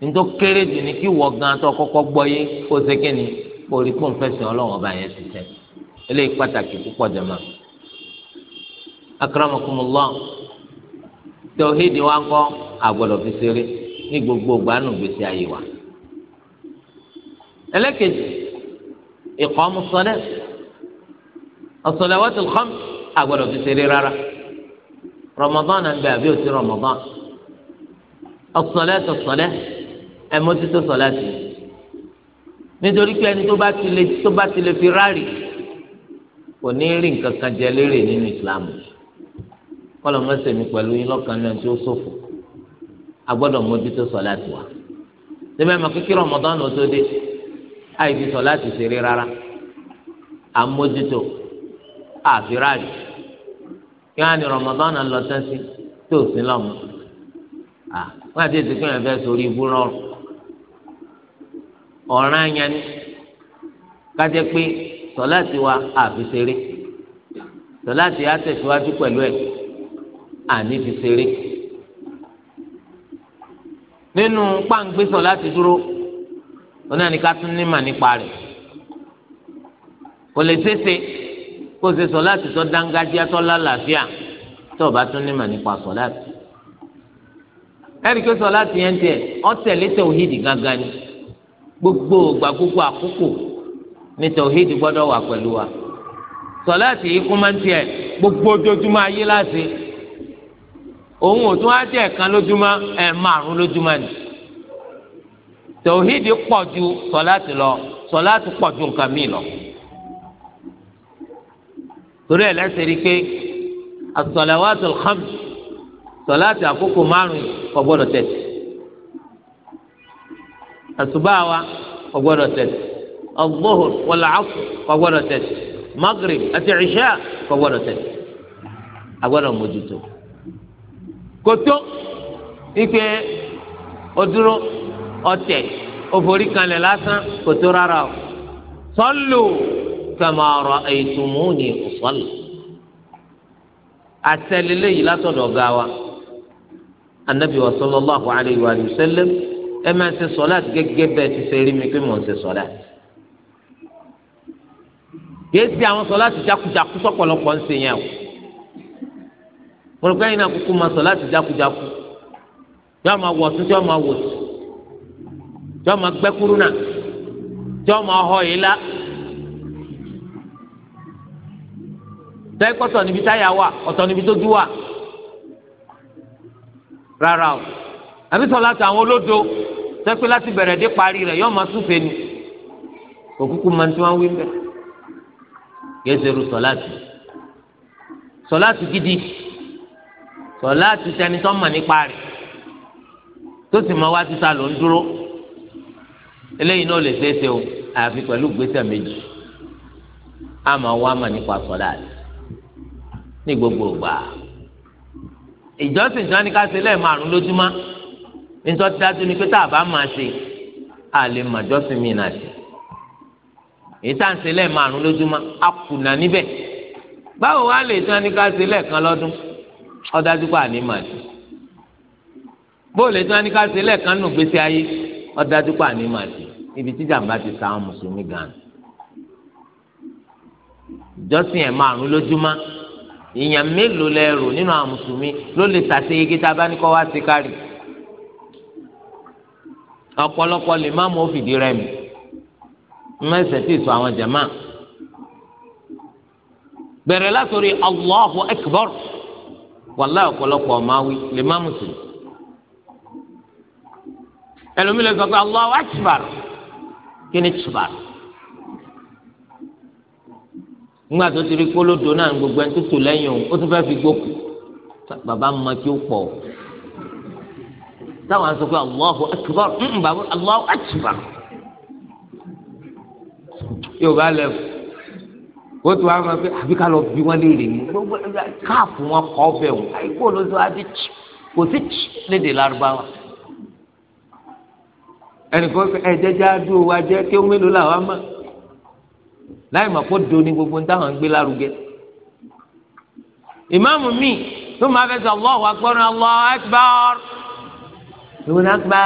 A: nítorí kéré jù ní kí wọ́n gan tó kọ́kọ́ gbọ́ yé kó o ṣe kí ni kó o rí kó o fẹ́ sìn ọlọ́run yẹn ti tẹ̀ eléyìí pàtàkì púpọ̀ jẹ̀mọ́. akramakumullah tẹ̀wéèdì wa ń kọ́ fi ṣeré ní gbogbo gbanú gbèsè ayé wa. ẹlẹ́kejì ìkọ́ ọ̀sọ̀lẹ̀ wọ́n ti kọ́ àgbọ̀dọ̀ fi ṣeré rárá rọmọdán náà ń bẹ àbí òsì rọmọdán ọ̀sọ̀lẹ́ tọ̀sọ̀lẹ́ ẹ̀ mójútó sọ̀lẹ́ sí i nítorí pé ẹni tó bá ti lè tó bá ti lè fi ráàlì kò ní rí nǹkan kan jẹ lérè nínú Islam kọ́lọ̀ mọ́sẹ̀mí pẹ̀lú yín lọ́kàn náà tí ó ṣòfò a gbọ́dọ̀ mójútó sọ̀lẹ́ àti wa síbẹ̀ mọ̀ kíkí rọmọdán náà tó dé àìfi sọ̀lẹ́ àti ṣeré rárá àmójútó àfi ráàlì kí wọn ní Ramadan náà lọ sẹ́sí tí ò sí lọ́mù à wọn àti ètò ìpínlẹ̀ fẹ́ sórí ibú rọrùn ọ̀ràn yẹn ni kájẹ́ pé sọláàtì wa àfi ṣeré sọláàtì á tẹ̀síwájú pẹ̀lú ẹ̀ àní fi ṣeré nínú páńgbé sọláàtì dúró onáníkà tún ní mà nípa rẹ̀ kò lè ṣeéṣe kó o ṣe sọláàtì tó dángájíá tó lálàáfíà tó o bá tún ní mà nípa sọláàtì ẹnì kí sọláàtì yẹn tiẹ̀ ọ tẹ̀lé tẹ̀wéèdì gángan ni gbogbo ògbà gbogbo àkókò ní tẹ̀wéèdì gbọ́dọ̀ wà pẹ̀lú wa sọláàtì yìí kún máa ń tiẹ̀ gbogbo ojoojúmọ́ ayé láti òun ò tún á jẹ́ ẹ̀kan lójúmọ́ ẹ̀ márùn lójúmọ́ ni tẹ̀wéèdì pọ̀ ju sọláàtì lọ sọláàtì pọ̀ ju nǹkan míì lọ torí ẹ̀ lẹ́sẹ̀ rí pé as-salawatul khams sọláàtì àkókò márùn kò gbọ́dọ̀ tẹ̀sí àsùbá wa kò gbọ́dọ̀ tẹ̀sí al-zuhur wal-asr kò gbọ́dọ̀ tẹ̀sí maghrib àti ìṣá kò gbọ́dọ̀ tẹ̀sí mójútó kótó ike odúró ọtẹ òforí kanlẹ̀ lásán kótó rárá o sọ́lù kama ra'aytumuni usalli àtẹlẹ́lẹ́ yìí látọ̀dọ̀ ga wa anabi wa sallallahu alayhi wa sallam ẹ máa ṣe sọláàtì gẹ́gẹ́ bẹ́ẹ̀ ti ṣe rí mi pé mò ń ṣe sọláàtì kìí ṣe àwọn sọláàtì jákujáku sọ̀pọ̀lọpọ̀ ń ṣe yẹn o mo rò náà kúkú máa sọláàtì jákujáku yọọ máa wọ̀ tún tí yọọ máa wò tún tí yọọ máa gbẹ́kúrú náà tí yọọ máa họ yìí lá tẹ́kọ̀ ọ̀tọ̀ níbi táyà wà ọ̀tọ̀ níbi tó dúwà rárá o àbí sọlá tó àwọn olódo tẹ́pẹ́ láti bẹ̀rẹ̀ dé parí rẹ̀ yọ́ọ́ máa súnfẹ́ ni òkúkú máa ń tí wọ́n wí ń bẹ̀ gẹ́sẹ̀rù sọlá tì sọlá tì gidi sọlá tì tẹni tó mọ̀ nípa rẹ̀ tó sì máa wá títa ló ń dúró eléyìí náà lè ṣeé ṣe o àyàfi pẹ̀lú gbèsè méjì àmọ́ wá mọ̀ nípa sọlá ní gbogbo ìgbà ìjọsìn tí wọn ní ká ṣe lẹ́ẹ̀márùn lójúmọ́ nítorí dájú ni pé tá a bá máa ṣe a lè má jọ́sìn mi náà ṣe èyí tá à ń ṣe lẹ́ẹ̀márùn lójúmọ́ a kùnà níbẹ̀ báwo wá lè tí wọn ní ká ṣe lẹ́ẹ̀kan lọ́dún ọdájú pé àní máa ṣe bóòlù tí wọn ká ṣe lẹ́ẹ̀kan nù gbèsè ayé ọdájú pé àní máa ṣe ibi tí jàmbá ti sa àwọn mùsùlùmí gan-an ẹ̀ márùn lójúmọ́ èèyàn mélòó lẹ́rù nínú àwọn mùsùlùmí ló lè ṣàṣeyege tá a bá ní kọ́ wá sí kárì ọ̀pọ̀lọpọ̀ lè má mú òfìdí rẹ̀ mi mẹ́sẹ̀ tí ì sọ àwọn jàmáà bẹ̀rẹ̀ látòrí Allahu Akbar wàlá ọ̀pọ̀lọpọ̀ ọ̀máwí lè má mùsùlùmí ẹlòmílẹ̀ sọ pé Allahu Akbar kí ni tùbàrù nígbà tó ti rí kólódó náà gbogbo ẹni tó tò lẹ́yìn òun ó tún fẹ́ẹ́ fi gbókù bàbá máa kí ó pọ̀ táwọn aṣọ pé Allahu Akbar bàbá Allahu Akbar yóò bá lẹ̀ kó tó àwọn ọmọ àbí ká lọ bí wọn léèrè ní gbogbo káàfù wọn kọ́ bẹ̀ wọn àìkú olóṣù adé kò sí lédè lárúbáwá ẹnì kan ẹ jẹjẹ adúlọ wa jẹ kí ó mélòó làwọn máa láì mọ̀ kó do ní gbogbo táwọn ń gbé lárugẹ. ìmáàmù mi tó máa fẹ́ sọ Allahu akbar Allahu akbar ìwé náà gbá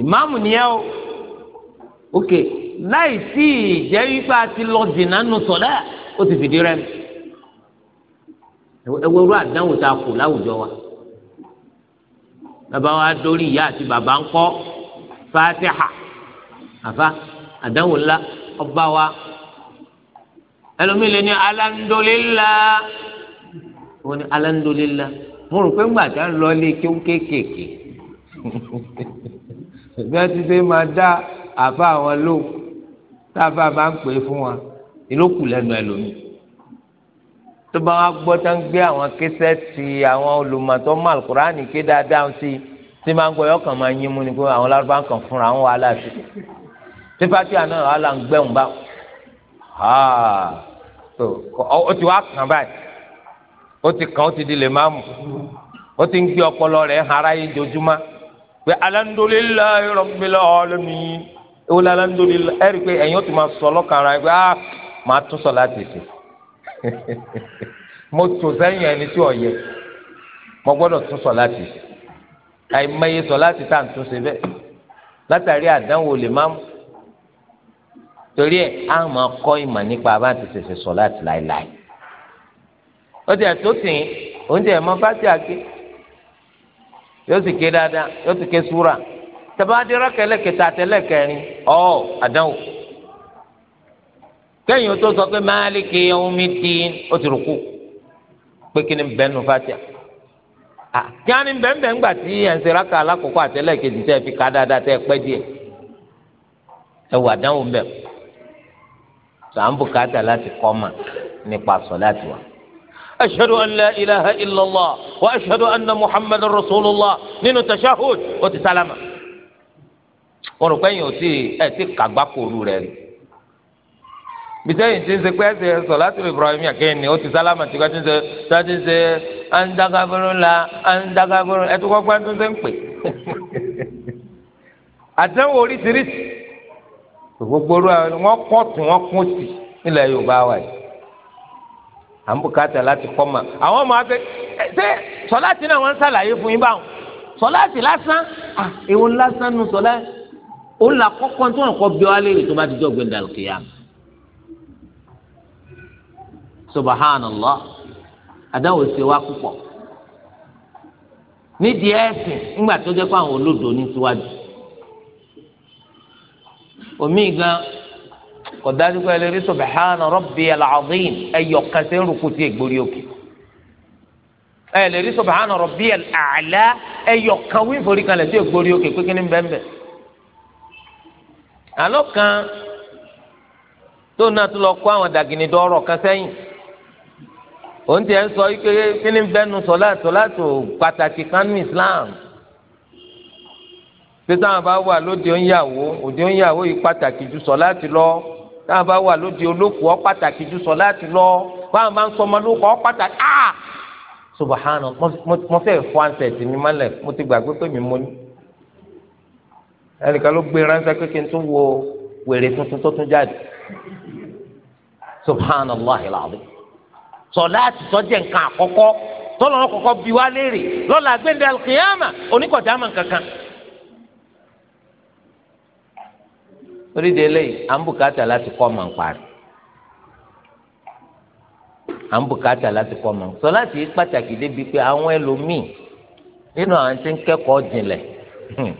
A: ìmáàmù nìyẹn o ok láì sí ìjẹ́ wípé a ti lọ dènà nù sọ̀dá ó ti fìdí rẹ̀ ẹwọ irú àdánwò tá a kù láwùjọ wa bàbá wa dórí ìyá àti bàbá ń kọ́ fatiha àfa àdánwò ńlá ọba wa ẹlòmíì lè ní alándolélá wọn ní alándolélá mo rò pé ńgbà tá ń lọ ilé kéwú kéékèèké bí wọn ti ṣe máa dá àfa àwọn ló tá a bá máa ń pè é fún wa ìlókù lẹ́nu ẹlòmíì tó bá wá gbọ́ tá gbé àwọn kẹsẹ́ ti àwọn olùmọ̀tọ́ malkuraani ké dáadáa sí i tí máa ń gbọ́ yọkàn máa yín mú ni pé àwọn lárúbá kan fúnra wọn wà láti tí fatia náà wà là ń gbẹ̀hùn bá ah, so ó ti wá kàn báyìí ó ti kàn ó ti di lè máa mú ó ti ń gbé ọpọlọ rẹ̀ hara yìí dojúmọ́ pé alhamdulillahi rabbil alamin ó la alhamdulillahi ẹ̀rí pé ẹ̀yin ó ti máa sọ lọ́kàn ara pé ah màá tún sọ láti ṣe mo tò sẹ́yìn ẹni tí ò yẹ mo gbọ́dọ̀ tún sọ láti ṣe àìmọye sọ láti tà ń tún ṣe bẹ́ẹ̀ látàrí àdánwò lè máa mú torí ẹ á máa kọ́ ìmọ̀ nípa bá ti ṣẹṣẹ sọ láti láéláé ó ti ẹ̀tọ́ sìn oúnjẹ ẹ̀mọ́ bá ti àgé yóò sì ké dáadáa yóò sì ké súra tẹ̀bádìrọ̀ kẹlẹ́kẹta tẹlẹ́kẹrin ọ̀ àdánwò kẹ́yìn o tó sọ pé máàlìkì yawmiddin ó ti rùkú pé kí ni bẹ́ẹ̀nu fatia kí á ní bẹ́ẹ̀nbẹ́ẹ̀ ńgbà tí ẹ̀sìn rákà alákòókò àtẹlẹ́kẹjì tẹ́ fi ká dáadáa tẹ́ pẹ́ díẹ̀ ẹ wà dánwò mbẹ́ẹ̀ sàǹbùkátà láti kọ́ mà nípa sọ̀láàtì wa. أشهد أن لا إله إلا الله وأشهد أن محمد رسول الله nínú tashahhud ó ti sálámà wọn rò pé yìí ò tí ẹ ti kàgbá kóoru rẹ rí bisẹ́yìn tí ń ṣe pé ẹsẹ̀ sọ̀láṣí Ibrahim akéyìn ni ó ti sálámà tí wọ́n ti ń ṣe tó ti ń ṣe andagaboro la andagaboro ẹ tó kọ́ pé ẹ tó ń ṣe ń pè àtẹ̀wò oríṣiríṣi. gbogbo ru àwọn wọn kọ́ tún wọn kún sí nílẹ̀ Yorùbá wa yìí à ń bùkátà láti kọ́ mà àwọn ọmọ abẹ ṣé sọláàtì náà wọ́n ń ṣàlàyé fún yín báwọn sọláàtì lásán èwo lásán nu sọláàtì ó là kọ́kọ́ tí bí wá nídìí ńgbà tó pé àwọn omi gan kò dájú pé ẹlẹ́rìí subhana rabbiyal azim ẹ̀yọ̀ kan sí rúkú tí ègbórí òkè ẹlẹ́rìí subhana rabbiyal a'la ẹ̀yọ̀ kan wí forí kan lẹ̀ tí ègbórí òkè pé kíní bẹ́ẹ̀ àlọ́ kan tó náà tó lọ kó àwọn dàgìnì dọ́rọ̀ kan òun tiẹ̀ ń sọ yí pé kíní bẹ́ẹ̀ nu sọ̀láàtò pàtàkì kan Islam pé táwọn bá wà lóde oníyàwó òde oníyàwó yìí pàtàkì ju sọ láti lọ táwọn bá wà lóde olóko ọ pàtàkì ju sọ láti lọ báwọn bá ń sọmọ lóko ọ pàtàkì ah subahana mo fẹ́ fọ ansẹ̀tì mi mọ́lẹ̀ mo ti gbàgbé pé mi mo ní. ẹnìkan ló gbé ránṣẹ́ pé kí n tún wo wèrè tuntun tó tún jáde subahana allahi alazim sọláàtì sọjẹ nǹkan àkọ́kọ́ tọ́lọ́rọ́ kọ́kọ́ bí wá léèrè lọ́la gbẹ̀ndẹ̀ alkiyama oníkọ̀dá mọ̀ kankan. torí de eléyìí à ń bùkátà láti kọ́ ọmọ nǹkan à ń bùkátà láti kọ́ ọmọ sọ láti yí pàtàkì débi pé àwọn ẹlòmíì nínú àwọn tí ń kẹ́kọ̀ọ́ jinlẹ̀ hmm.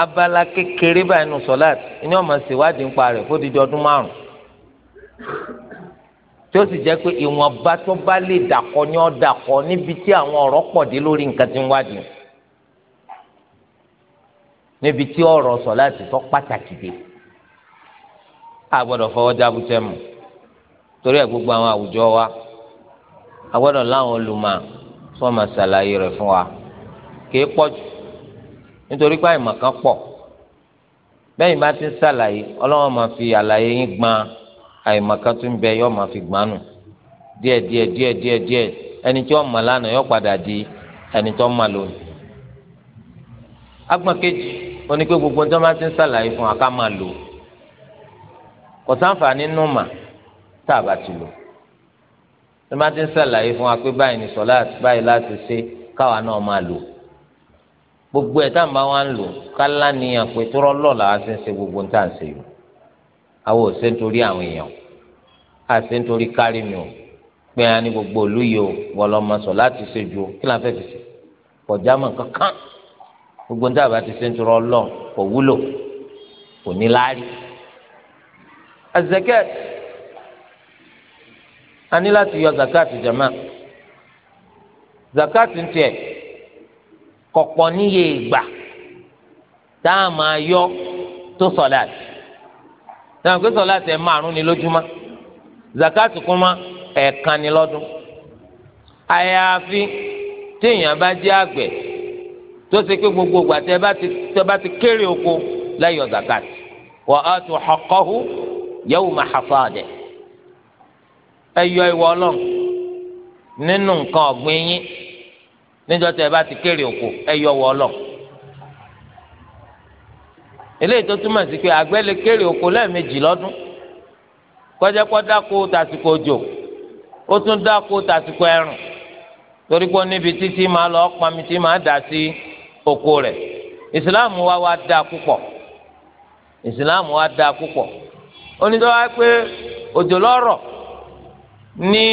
A: abala kékeré báyìí nù sọ láti ní ọmọ ṣèwádìí ń pa rẹ̀ fódìdí ọdún márùn tí ó sì jẹ́ pé ìwọ̀nba tó bá lè dàkọ ni ó dàkọ níbi tí àwọn ọ̀rọ̀ pọ̀ dé lórí nǹkan tí ń wádìí níbi tí ọ̀rọ̀ sọ láti tọ́ pàtàkì dé. a gbọ́dọ̀ fọwọ́ mu torí gbogbo àwọn àwùjọ wa a láwọn olùmọ̀ tí rẹ ṣàlàyé rẹ̀ fún wa kìí pọ̀ pọ nítorí pé kan bá ti ń ṣàlàyé máa fi àlàyé yín gbọ́n àìmọ̀ kan tún bẹ yọ́ fi ẹni tí lánàá yọ padà di ẹni tí wọ́n mọ̀ lónìí. kejì oní pé gbogbo ní ti ń ṣàlàyé fún wa ká máa kò sáǹfààní nù mà tá a bá ti lò tó bá ti ń sàlàyé fún wa pé báyìí ni sọláàt báyìí láti ṣe káwa náà máa lò gbogbo ẹ̀ tá à ń bá wa ń lò kálá nìyàn pé tó rọ́lọ́ làwa ti ń ṣe gbogbo ń tà ń ṣe yìí àwọn ò ṣe ń torí àwọn èèyàn à ṣe ń torí kárí mi o pé a ní gbogbo òlú yìí o wọlọ ọmọ sọ láti ṣe ju kí la fẹ́ fi ṣe kọjá mọ̀ kankan gbogbo ń tà bá ti ṣe ń torí ọlọ́ kò wúlò kò ní láárí azakat a ní láti yọ zakat jama zakat ń tiẹ̀ kọ̀pọ̀ níye ìgbà tá a máa yọ tó sọ̀láàtì táwọn pé sọ̀láàtì ẹ̀ márùn ni lójúmọ́ zakat kún mọ́ ẹ̀ẹ̀kan ni lọ́dún àyàfi téèyàn bá jẹ́ àgbẹ̀ tó ṣe pé gbogbo ìgbà tẹ́ bá ti kéré oko la yọ zakat wa atu haqqahu yawma hasade ẹ yọ ìwọ Ọlọ́run nínú nǹkan ọ̀gbìn yín níjọ́ tẹ́ ẹ bá ti kéré oko ẹ yọ ìwọ Ọlọ́run eléyìí tó túmọ̀ sí pé àgbẹ̀ lè kéré oko lẹ́ẹ̀mejì lọ́dún kọjá kọ́ dáko tàsìkò òjò ó tún dáko tàsìkò ẹ̀rùn torí pé níbi títí máa lọ pami tí máa dà sí oko rẹ̀ ìsìláàmù wa wá dáa púpọ̀ ìsìláàmù wa dáa púpọ̀ onídọ́wọ́ pé òjò lọ́rọ̀ ní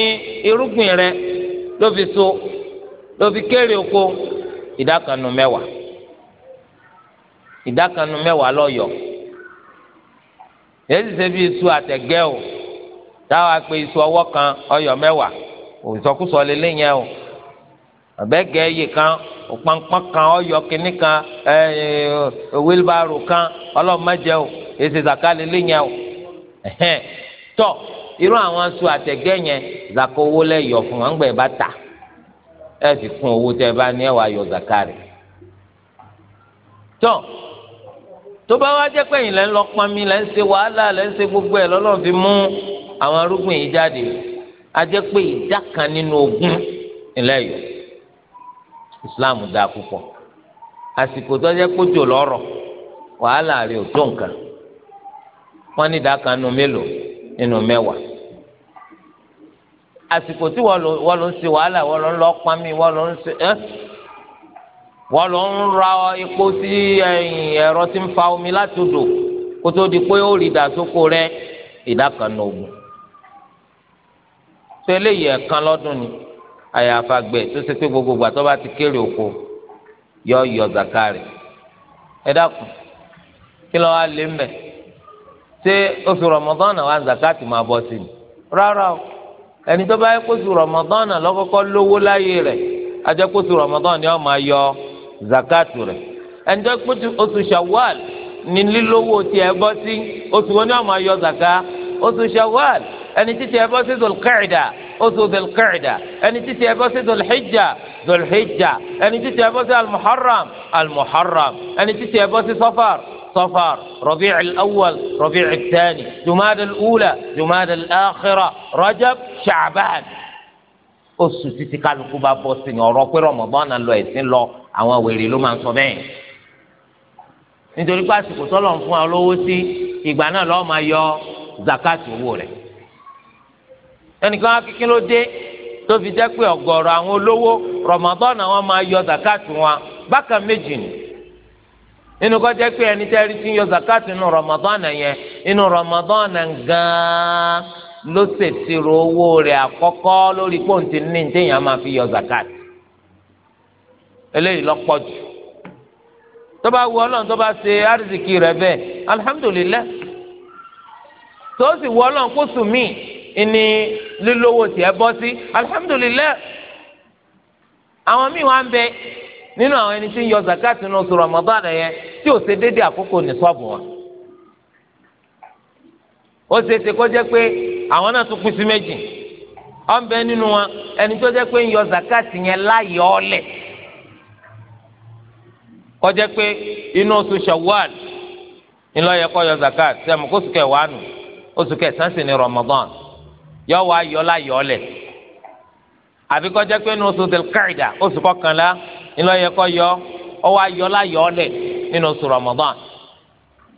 A: irúgbìn rẹ ló fi so ló fi kéré oko ìdákanu mẹ́wàá ìdákanu mẹ́wàá lọ́yọ̀ èyí ṣe bí iṣu àtẹ̀gẹ́ o táwa pé iṣu ọwọ́ kan ọyọ̀ mẹ́wàá òsọkúsọ lélẹ̀ yẹn o àbẹ́gẹ́ yìí kan òpánpán kan ọyọ̀ kìnnì kan wheelbarrow kan ọlọ́mọdé o èsì zàkà lélẹ̀ yẹn o ẹhẹn tọ irú àwọn aṣọ àtẹgbẹ yẹn zaka owó lẹyọ fún wọn gbẹ bá tà ẹ sì fún owó tẹ bá ní ẹwà yọ zaka rẹ tọ tó bá wá jẹ pé lẹ ń lọ pọnmi lẹ ń ṣe wàhálà lẹ ń ṣe gbogbo ẹ fi mú àwọn arúgbìn yìí jáde a pé ìdá kan nínú ogún ilẹ̀ yọ islam dáa púpọ̀ àsìkò tó jẹ kó jò wàhálà rẹ wọ́n ní ìdáka nù mélòó nínú mẹ́wàá àsìkò tí wọ́n lọ ń ṣe wàhálà wọ́n lọ ń lọ pami wọ́n lọ ń se ẹ́ wọ́n lọ ń ra epo sí ẹ̀rọ tí ń fa omi láti odò kó tó di pé ó rí ìdásókò rẹ ìdáka nù ogun tó eléyìí ẹ̀kan lọ́dún ni àyàfà tó ṣe pé gbogbo tó bá ti kéré oko yọ yọ zakari ẹ dákun kí ló wá lé mbẹ ṣé oṣù rọmọdánà wa zakati máa bọ́ sí i rárá o ẹni tó bá yẹ kóṣù rọmọdánà lọ́kọ́kọ́ lówó láyé rẹ̀ ajẹ́ kóṣù rọmọdánà ni wọ́n máa yọ zakati rẹ̀ ẹni tó kóṣù oṣù shawal ni lílówó tiẹ̀ bọ́ sí oṣù wọn ni wọ́n máa yọ zaka oṣù shawal ẹni títí ẹ bọ́ sí zolkẹ́ẹ̀dà oṣù zolkẹ́ẹ̀dà ẹni títí ẹ bọ́ sí zolhijja zolhijja ẹni títí ẹ bọ́ sí almuharram almuharram ẹni títí ẹ bọ́ sí sọfar صفر ربيع الأول ربيع الثاني جماد الأولى جماد الآخرة رجب شعبان oṣù títí kálukú bá bọ́ sí ni ọ̀rọ̀ pé rọmọbọ́nà lọ ẹ̀sìn lọ àwọn wèrè ló máa ń sọ bẹ́ẹ̀ nítorí pé àsìkò tọ́lọ̀ ń fún wa lówó sí ìgbà náà lọ́ọ́ máa yọ zakat owó rẹ̀ ẹnìkan akíkín ló dé tó fi jẹ́ pé ọ̀gọ̀ọ̀rọ̀ àwọn olówó rọmọbọ́nà wọn máa yọ zakat wọn bákan méjì nìyí inú kọ́ jẹ́ pé ẹni tẹ́rí tí ń yọ zakat inú Ramadan yẹn inú Ramadan gan-an ló ṣètìrò owó rẹ̀ àkọ́kọ́ lórí pọ́ǹtì ní téèyàn máa fi yọ zakat eléyìí lọ́pọ̀ jù tó bá wù Ọlọ́run tó bá ṣe arzikì rẹ̀ bẹ́ẹ̀ alihamudulilayi tó sì wù Ọlọ́run kó sùn mí ìní lílówó tiẹ̀ bọ́ sí alihamudulilayi àwọn míì wá ń bẹ nínú àwọn ẹni tí ń yọ zakati nínú oṣù Ramadan yẹn tí ò ṣe déédéé àkókò ní sọ́ọ̀bù wọn. ó ṣe é ṣe kó jẹ́ pé àwọn náà tún pín sí méjì ọ̀nbẹ nínú wọn ẹni tó jẹ́ pé ń yọ zakati yẹn láyé ọ̀lẹ̀ kó jẹ́ pé inú oṣù Shawwal ńlọ yẹ kó yọ zakati sẹ́mu kó sùkẹ́ wàá nù oṣù kẹsàn-án sì ní Ramadan yọ wàá yọ láyé ọ̀lẹ̀ àbíkọ́jẹ́ pé inú oṣù Dhul-Qa'dah oṣù kọkànlá ńlọ yẹ kọ́ yọ ọwọ́ ayọ̀ láyọ̀ ọ̀lẹ̀ nínú oṣù Ramadan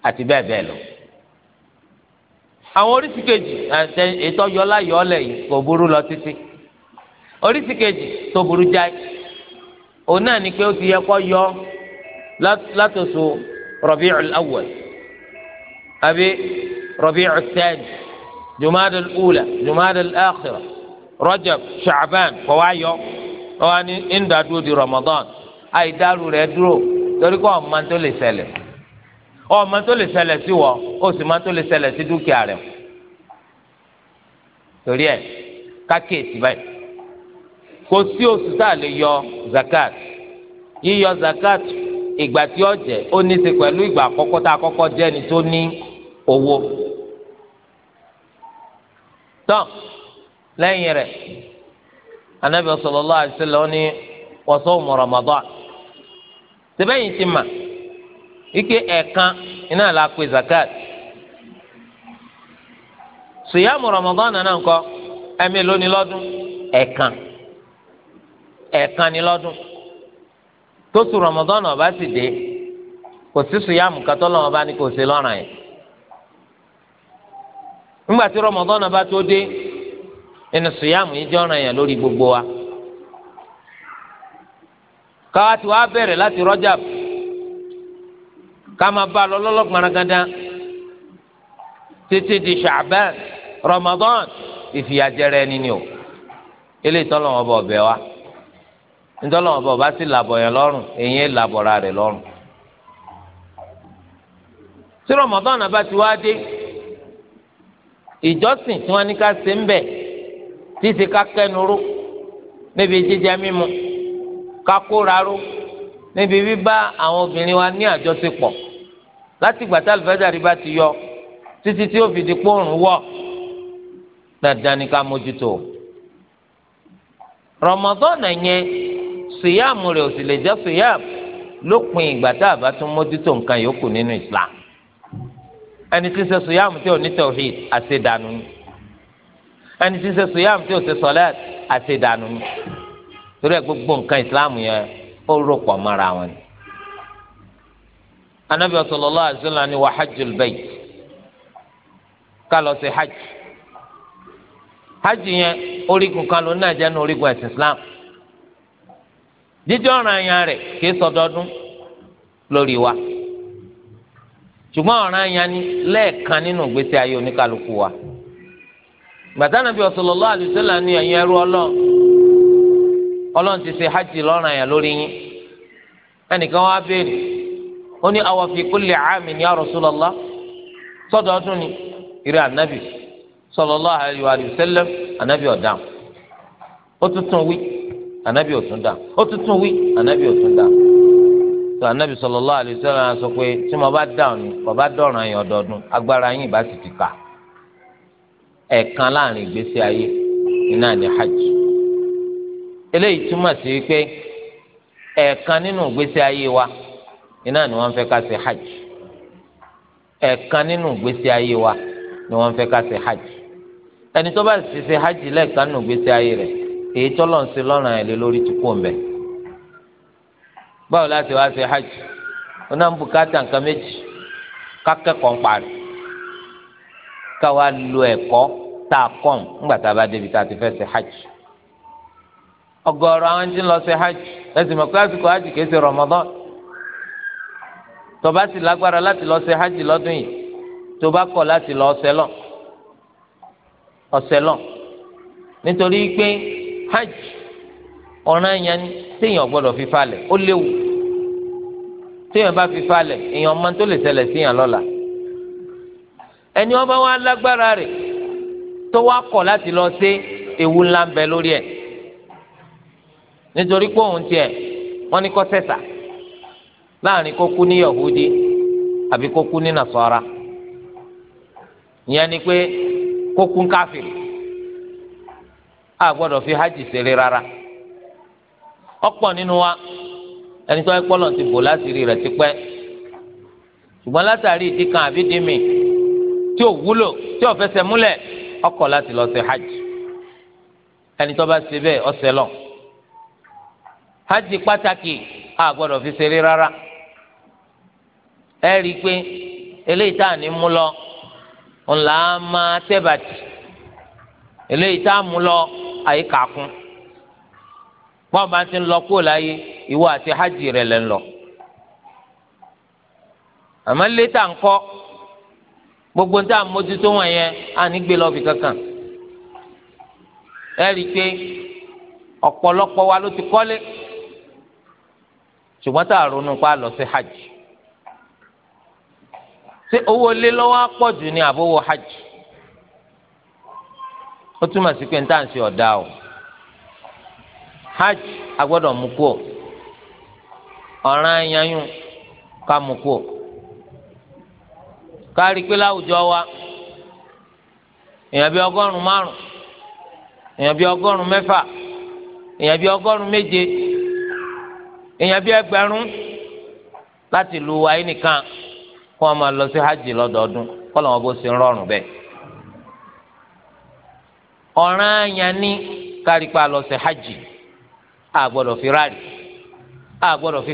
A: àti bẹ́ẹ̀ bẹ́ẹ̀ lọ. àwọn oríṣi kejì ètò yọ láyọ̀ ọ̀lẹ̀ yìí kò burú lọ títí oríṣi kejì tó burú jáì òun náà ni pé ó ti yẹ kọ́ yọ látòṣù Rabi'ul Awwal àbí Rabi'us Thani Jumadal Ula Jumadal Akhira Rajab Sha'ban kọ̀wá yọ. wọ́n wá ní ìdádúró di Ramadan àìdárú rẹ̀ dúró torí kó ọmọ tó lè ṣẹlẹ̀ ọmọ tó lè ṣẹlẹ̀ sí wọ ó sì má tó lè ṣẹlẹ̀ sí dúkìá rẹ̀ torí ẹ̀ kákèsì báyìí kò sí oṣù tá a lè yọ zakat yíyọ zakat ìgbà tí ó jẹ ó ní í ṣe pẹ̀lú ìgbà àkọ́kọ́ tá a kọ́kọ́ jẹ́ ni tó ní owó tán lẹ́yìn rẹ̀ anabi sallallahu alaihi wasallam ní wa sawmu rọmọdọ tẹbẹyìn ti ma. ike ẹ̀ẹ̀kan iná la pè zakat siyamu nana nkọ ẹ̀mí lóni lọ́dún ẹ̀ẹ̀kan ẹ̀ẹ̀kan ni lọ́dún rọmọdọ ọba sì dé kò sí siyamu katọ́ lọ́wọ́ bá ní kò sí ọba tó inú sùyàmù yìí jẹ́ ọ̀ràn yẹn lórí gbogbo wa káwa tí wàá bẹ̀rẹ̀ láti rọ́jà ká máa bá a lọ lọ́lọ́gbọ̀nrán gandan títí di ṣàbẹ́n rọmọdán ìfìyàjẹrẹ ẹni ni o eléyìí tọ́lọ́wọ́n bọ̀ ọ̀bẹ wa ntọ́lọ́wọ́n bọ̀ ọba sì làbọ̀ yẹn lọ́rùn èyí ń làbọ̀ra rẹ̀ lọ́rùn tí rọmọdán náà ti wá dé ìjọsìn tí wọ́n ní ká ṣe ń bẹ̀ẹ́ títí kakẹnuru níbi jíjẹ mímu kakóraru níbi bíbá àwọn obìnrin wa ní àjọṣepọ̀ láti gbàtà àlùfáàjàrí bá ti yọ títí tí ó fi di pòrùn wọ̀ dandan ni ká mójútó rọmọdọ́nà yẹn sùyàmù rẹ̀ ò sì lè jẹ́ sùyàmù lópin ìgbà tá a bá tún mójútó nǹkan yòókù nínú Islam ẹni tí ń ṣe sùyàmù tí ò ní tẹ̀wé àṣedànù ni. ẹni tí ń ṣe sùyàm tí ò ṣe sọlẹ àti ìdànù mi torí ẹ gbogbo nǹkan ìsìláàmù yẹn ó rò pọ̀ wọn ni. anabi sallallahu alaihi ni wà hajjul ká lọ sí hajj hajj yẹn orígun kan ló náà jẹ́ ní islam rẹ sọdọọdún lórí wa ni nínú ìgbésí ayé gbàtà nàbí sallallahu alaihi ni ẹ̀yin ẹrú ọlọ́ọ̀ ọlọ́ọ̀ ti ṣe hajj lọ́ràn yà lórí yín ẹnìkan wá béèrè ó ní awa fi ya Rasulullah sọdọọdún ni ìrẹ ànábì sallallahu alaihi wasallam ànábì ọ̀dàm ó tuntun wí ànábì ọ̀tún dàm ó tuntun wí ànábì ọ̀tún dàm tó ànábì sallallahu alaihi sọ pé tí mo bá ẹ̀ẹ̀kan láàrin ìgbésí ayé iná ní hajj eléyìí túmọ̀ sí pé ẹ̀ẹ̀kan nínú ìgbésí ayé wa iná ni wọ́n fẹ́ ká ṣe hajj ẹ̀ẹ̀kan nínú ìgbésí ayé wa ni wọ́n fẹ́ ká ṣe hajj ẹni tó bá ṣe hajj lẹ́ẹ̀kan nínú ìgbésí ayé rẹ. èyí tó lọ́n ṣe lọ́rùn ẹ̀ lé lórí tó kó báwo láti wá ṣe hajj ń nǹkan méjì kákẹ́kọ̀ọ́ ń parí tá a kọ́ ńgbà tá a bá débi tá a ti fẹ́ ṣe hajj ọ̀gọ̀rọ̀ àwọn tí ṣe hajj ẹsìn mọ kílásìkò hajj kìí ṣe Ramadan tó sì lágbára láti lọ ṣe hajj lọ́dún yìí tó bá kọ̀ láti lọ ọsẹ lọ ọsẹ lọ nítorí pé hajj ọ̀ràn yẹn téèyàn fi falẹ̀ ó léwu téèyàn bá fi falẹ̀ èèyàn máa tó lè ṣẹlẹ̀ síyàn lọ́la ẹni lágbára rẹ̀ tó wá kọ̀ lọ sí ewu ńlá ń bẹ lórí ẹ̀ nítorí pé òun tiẹ̀ wọ́n ní kọ́ láàrin kó kú ní Yahudi àbí kó kú ní ìyẹn ni pé kó a gbọ́dọ̀ fi hajj ṣeré rárá ọ̀pọ̀ nínú wa ẹni tó ẹ ti bò láṣìírí rẹ̀ ti pẹ́ ṣùgbọ́n látàrí ìdí kan àbí ọkọ láti lọ ṣe hajj ẹni tó bá ṣe bẹ́ẹ̀ ọ̀sẹ̀ lọ hajj pàtàkì a fi ṣeré rárá ẹ rí i pé eléyìí tá à ní mú lọ ńlá máa tẹ́bàtì eléyìí tá à mú lọ ti ń lọ láyé ìwọ àti hajj rẹ̀ lọ àmọ́ létà gbogbo ń tà mójútó wọn yẹn á ní gbé kankan ẹ rí pé wa ló ti kọ́lé ṣùgbọ́n tá a ronú pa lọ sí hajj ṣé owó lé lọ́wọ́ á jù ní àbówó hajj ó túmọ̀ sí pé ń tà ṣe ọ̀dà o hajj agbọ́dọ̀ mú kú ọ̀ràn ayanyun ká mú kú o. kárí pé láwùjọ wa èèyàn bíi ọgọ́rùn márùn èèyàn bíi ọgọ́rùn mẹ́fà èèyàn bíi ọgọ́rùn méje èèyàn bíi ẹgbẹ̀rún láti lu wa yìí nìkan kó lọ sí hajj lọ́dọọdún kó làwọn bó ṣe ń rọrùn bẹ́ẹ̀ ọ̀ràn àyàn ní a hajj a gbọ́dọ̀ fi a gbọ́dọ̀ fi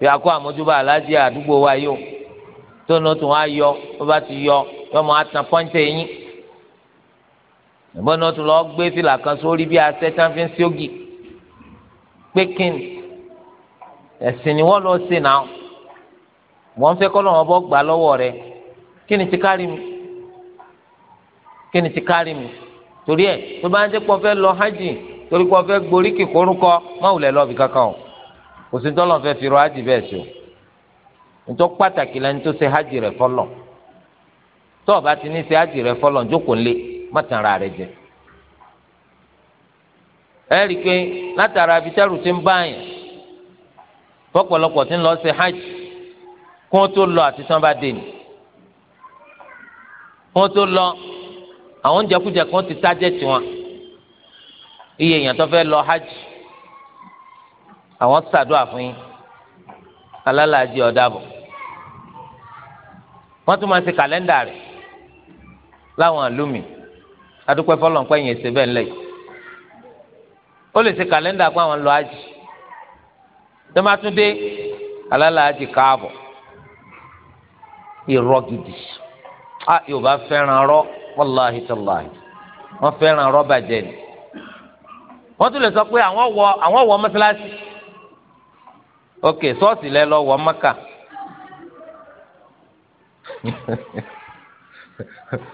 A: bí akọ àmójúbà aláàjì àdúgbò wa yóò tónú tó wá yọ tó bá ti yọ yọmọ atan pọ́ńtẹ̀ yín ìbọn náà tó lọ gbé fìlà kan sórí bí asẹ́tàn fi ń ṣíògì pé ẹ̀sìn ni wọ́n lọ sí náà wọ́n fẹ́ kọ́ lọ́wọ́ bọ́ gbà lọ́wọ́ rẹ kíni ti kárí mi kíni ti kárí mi torí ẹ̀ tó bá ń dẹ́pọ̀ fẹ́ lọ hajj torí pé wọ́n fẹ́ gborí kìkúrú kọ́ máwùlẹ̀ lọ́ọ̀bì kankan o kò sí tọ́lọ̀ fẹ́ fi rọ hajj bẹ́ẹ̀ sí o nítorí pàtàkì lẹ́ni tó ṣe hajj rẹ̀ fọlọ̀ tó o bá ti ní ṣe hajj rẹ̀ fọlọ̀ jókòó lé má tàn ra rẹ̀ jẹ. ẹ rí i pé látara abitẹ́rù ti ń báyàn fọ́pọ̀lọpọ̀ ti ń lọ ṣe hajj kó tó lọ àti tán bá dé ni kó tó lọ àwọn oúnjẹ kújẹ kan ti tájẹ́ tiwọn iye èèyàn tó fẹ́ lọ hajj àwọn ṣàdúrà fún yín alálàájì ọ̀dàbọ̀ wọ́n tún máa ṣe kàlẹ́ndà rẹ̀ láwọn àlùmí adúpẹ́ fọlọ́npẹ́ yẹn ṣe bẹ́ẹ̀ lẹ́yìn ó lè ṣe kàlẹ́ndà pé àwọn lọ ájì tó máa tún dé alálàájì káàbọ̀ irọ́ gidi a yorùbá fẹ́ràn rọ́ wàláhi tàláhi wọ́n fẹ́ràn rọ́ bàjẹ́ ni wọ́n tún lè sọ pé àwọn wọ àwọn wọ mọ́ṣáláṣí ok sọ́ọ̀sì lẹ lọ wọ mọ́kà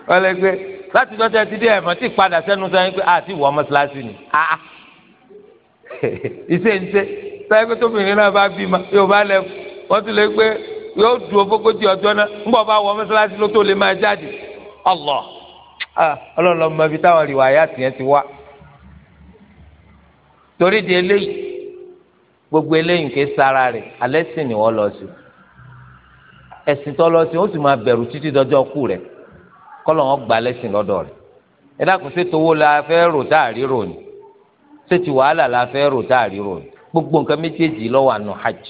A: wọ́n lè gbé láti dọ́tẹ́ ti dé ẹ̀mọ́ tí padà sẹ́nu sẹ́yìn pé àti ah, wọ́ mọ́sálásí ni àá ah, ìṣe ah. ń ṣe sẹ́yìn pé tóbìnrin náà bá bímọ yóò bá lẹ wọ́n tún lè gbé yóò dúró fógójì ọjọ́ náà ń bọ̀ bá wọ́ mọ́sálásí ló tó lè máa jáde Allah ọlọ́lọ́ mọ ibi táwọn rìwà ayé àtìyẹn ti wá torí di eléyìí gbogbo eléyìí ké sara rẹ̀ ni lọ sí ẹ̀sìn tó lọ sí ó sì máa bẹ̀rù títí dọjọ́ kú rẹ̀ kọ́lọ̀ wọn gba lẹ́sìn ẹ dákun la fẹ́ rò tá a la rò tá gbogbo nǹkan méjèèjì lọ́wọ́ àánú hajj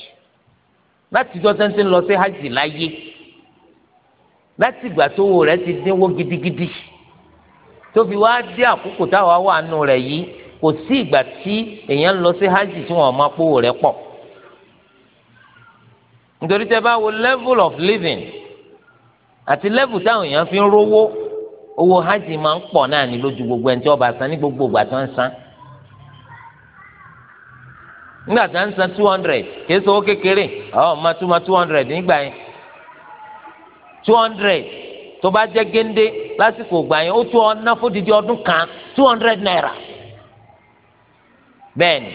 A: láti jọ lọ sí hajj láyé láti tówó ti dínwó gidigidi tó fi wá dé àkókò wà nù yìí kò sí ìgbà tí èèyàn lọ sí hajj tí wọn máa pòwò rẹ̀ pọ̀ nítorí tẹ́ bá wo level of living àti level táwọn èèyàn fi ń rówó owó hajj máa ń pọ̀ náà ní lójú gbogbo ẹni tí ó bá san ní gbogbo ìgbà tó ń san nígbà tí wọ́n san two hundred kì í sanwó kékeré ọ ma tún ma two hundred nígbà yẹn two hundred tó bá jẹ́ géńdé lásìkò ìgbà yẹn ó tún ọ ná fódìdí ọdún kan two hundred naira bẹ́ẹ̀ ni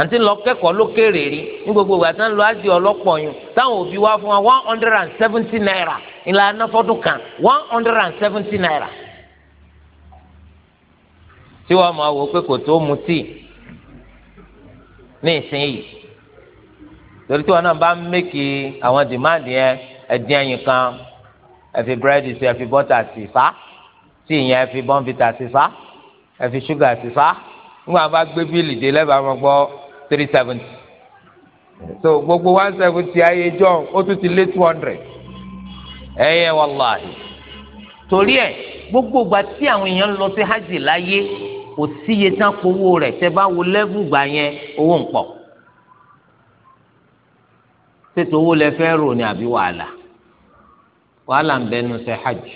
A: àǹtí lọ kẹ́kọ̀ọ́ lókèrè rí ní gbogbo ìgbà tán lọ ájì ọlọ́pọ̀ yun táwọn òbí wá fún wa one hundred and seventy naira ìlànà fọ́dún kan one hundred and seventy naira tí wọ́n máa wò pé kò tó mu tíì ní ìsinyìí torí tí wọn náà bá ń mẹ́kì àwọn dìmáàdì yẹn ẹ̀dín ẹyin kan ẹ fi búrẹ́dì sí ẹ fi bọ́tà sí fa tí ìyẹn ẹ fi bọ́ǹfìtà sí fa ẹ fi ṣúgà sí fa nígbà bá gbé bíìlì dé lẹ́bàá máa gbọ́ three seventy so gbogbo one seventy ayé john ó tún ti lé two hundred ẹ̀yẹ wàláhì torí ẹ̀ gbogbo ìgbà tí àwọn èèyàn lọ sí hajj láyé kò síye tán kówó rẹ̀ tẹ́ bá wo lẹ́gùn gbà yẹn owó ń pọ̀ ṣètò owó lẹ fẹ́ rò ní àbí wàhálà wàhálà ń bẹnu ṣe hajj.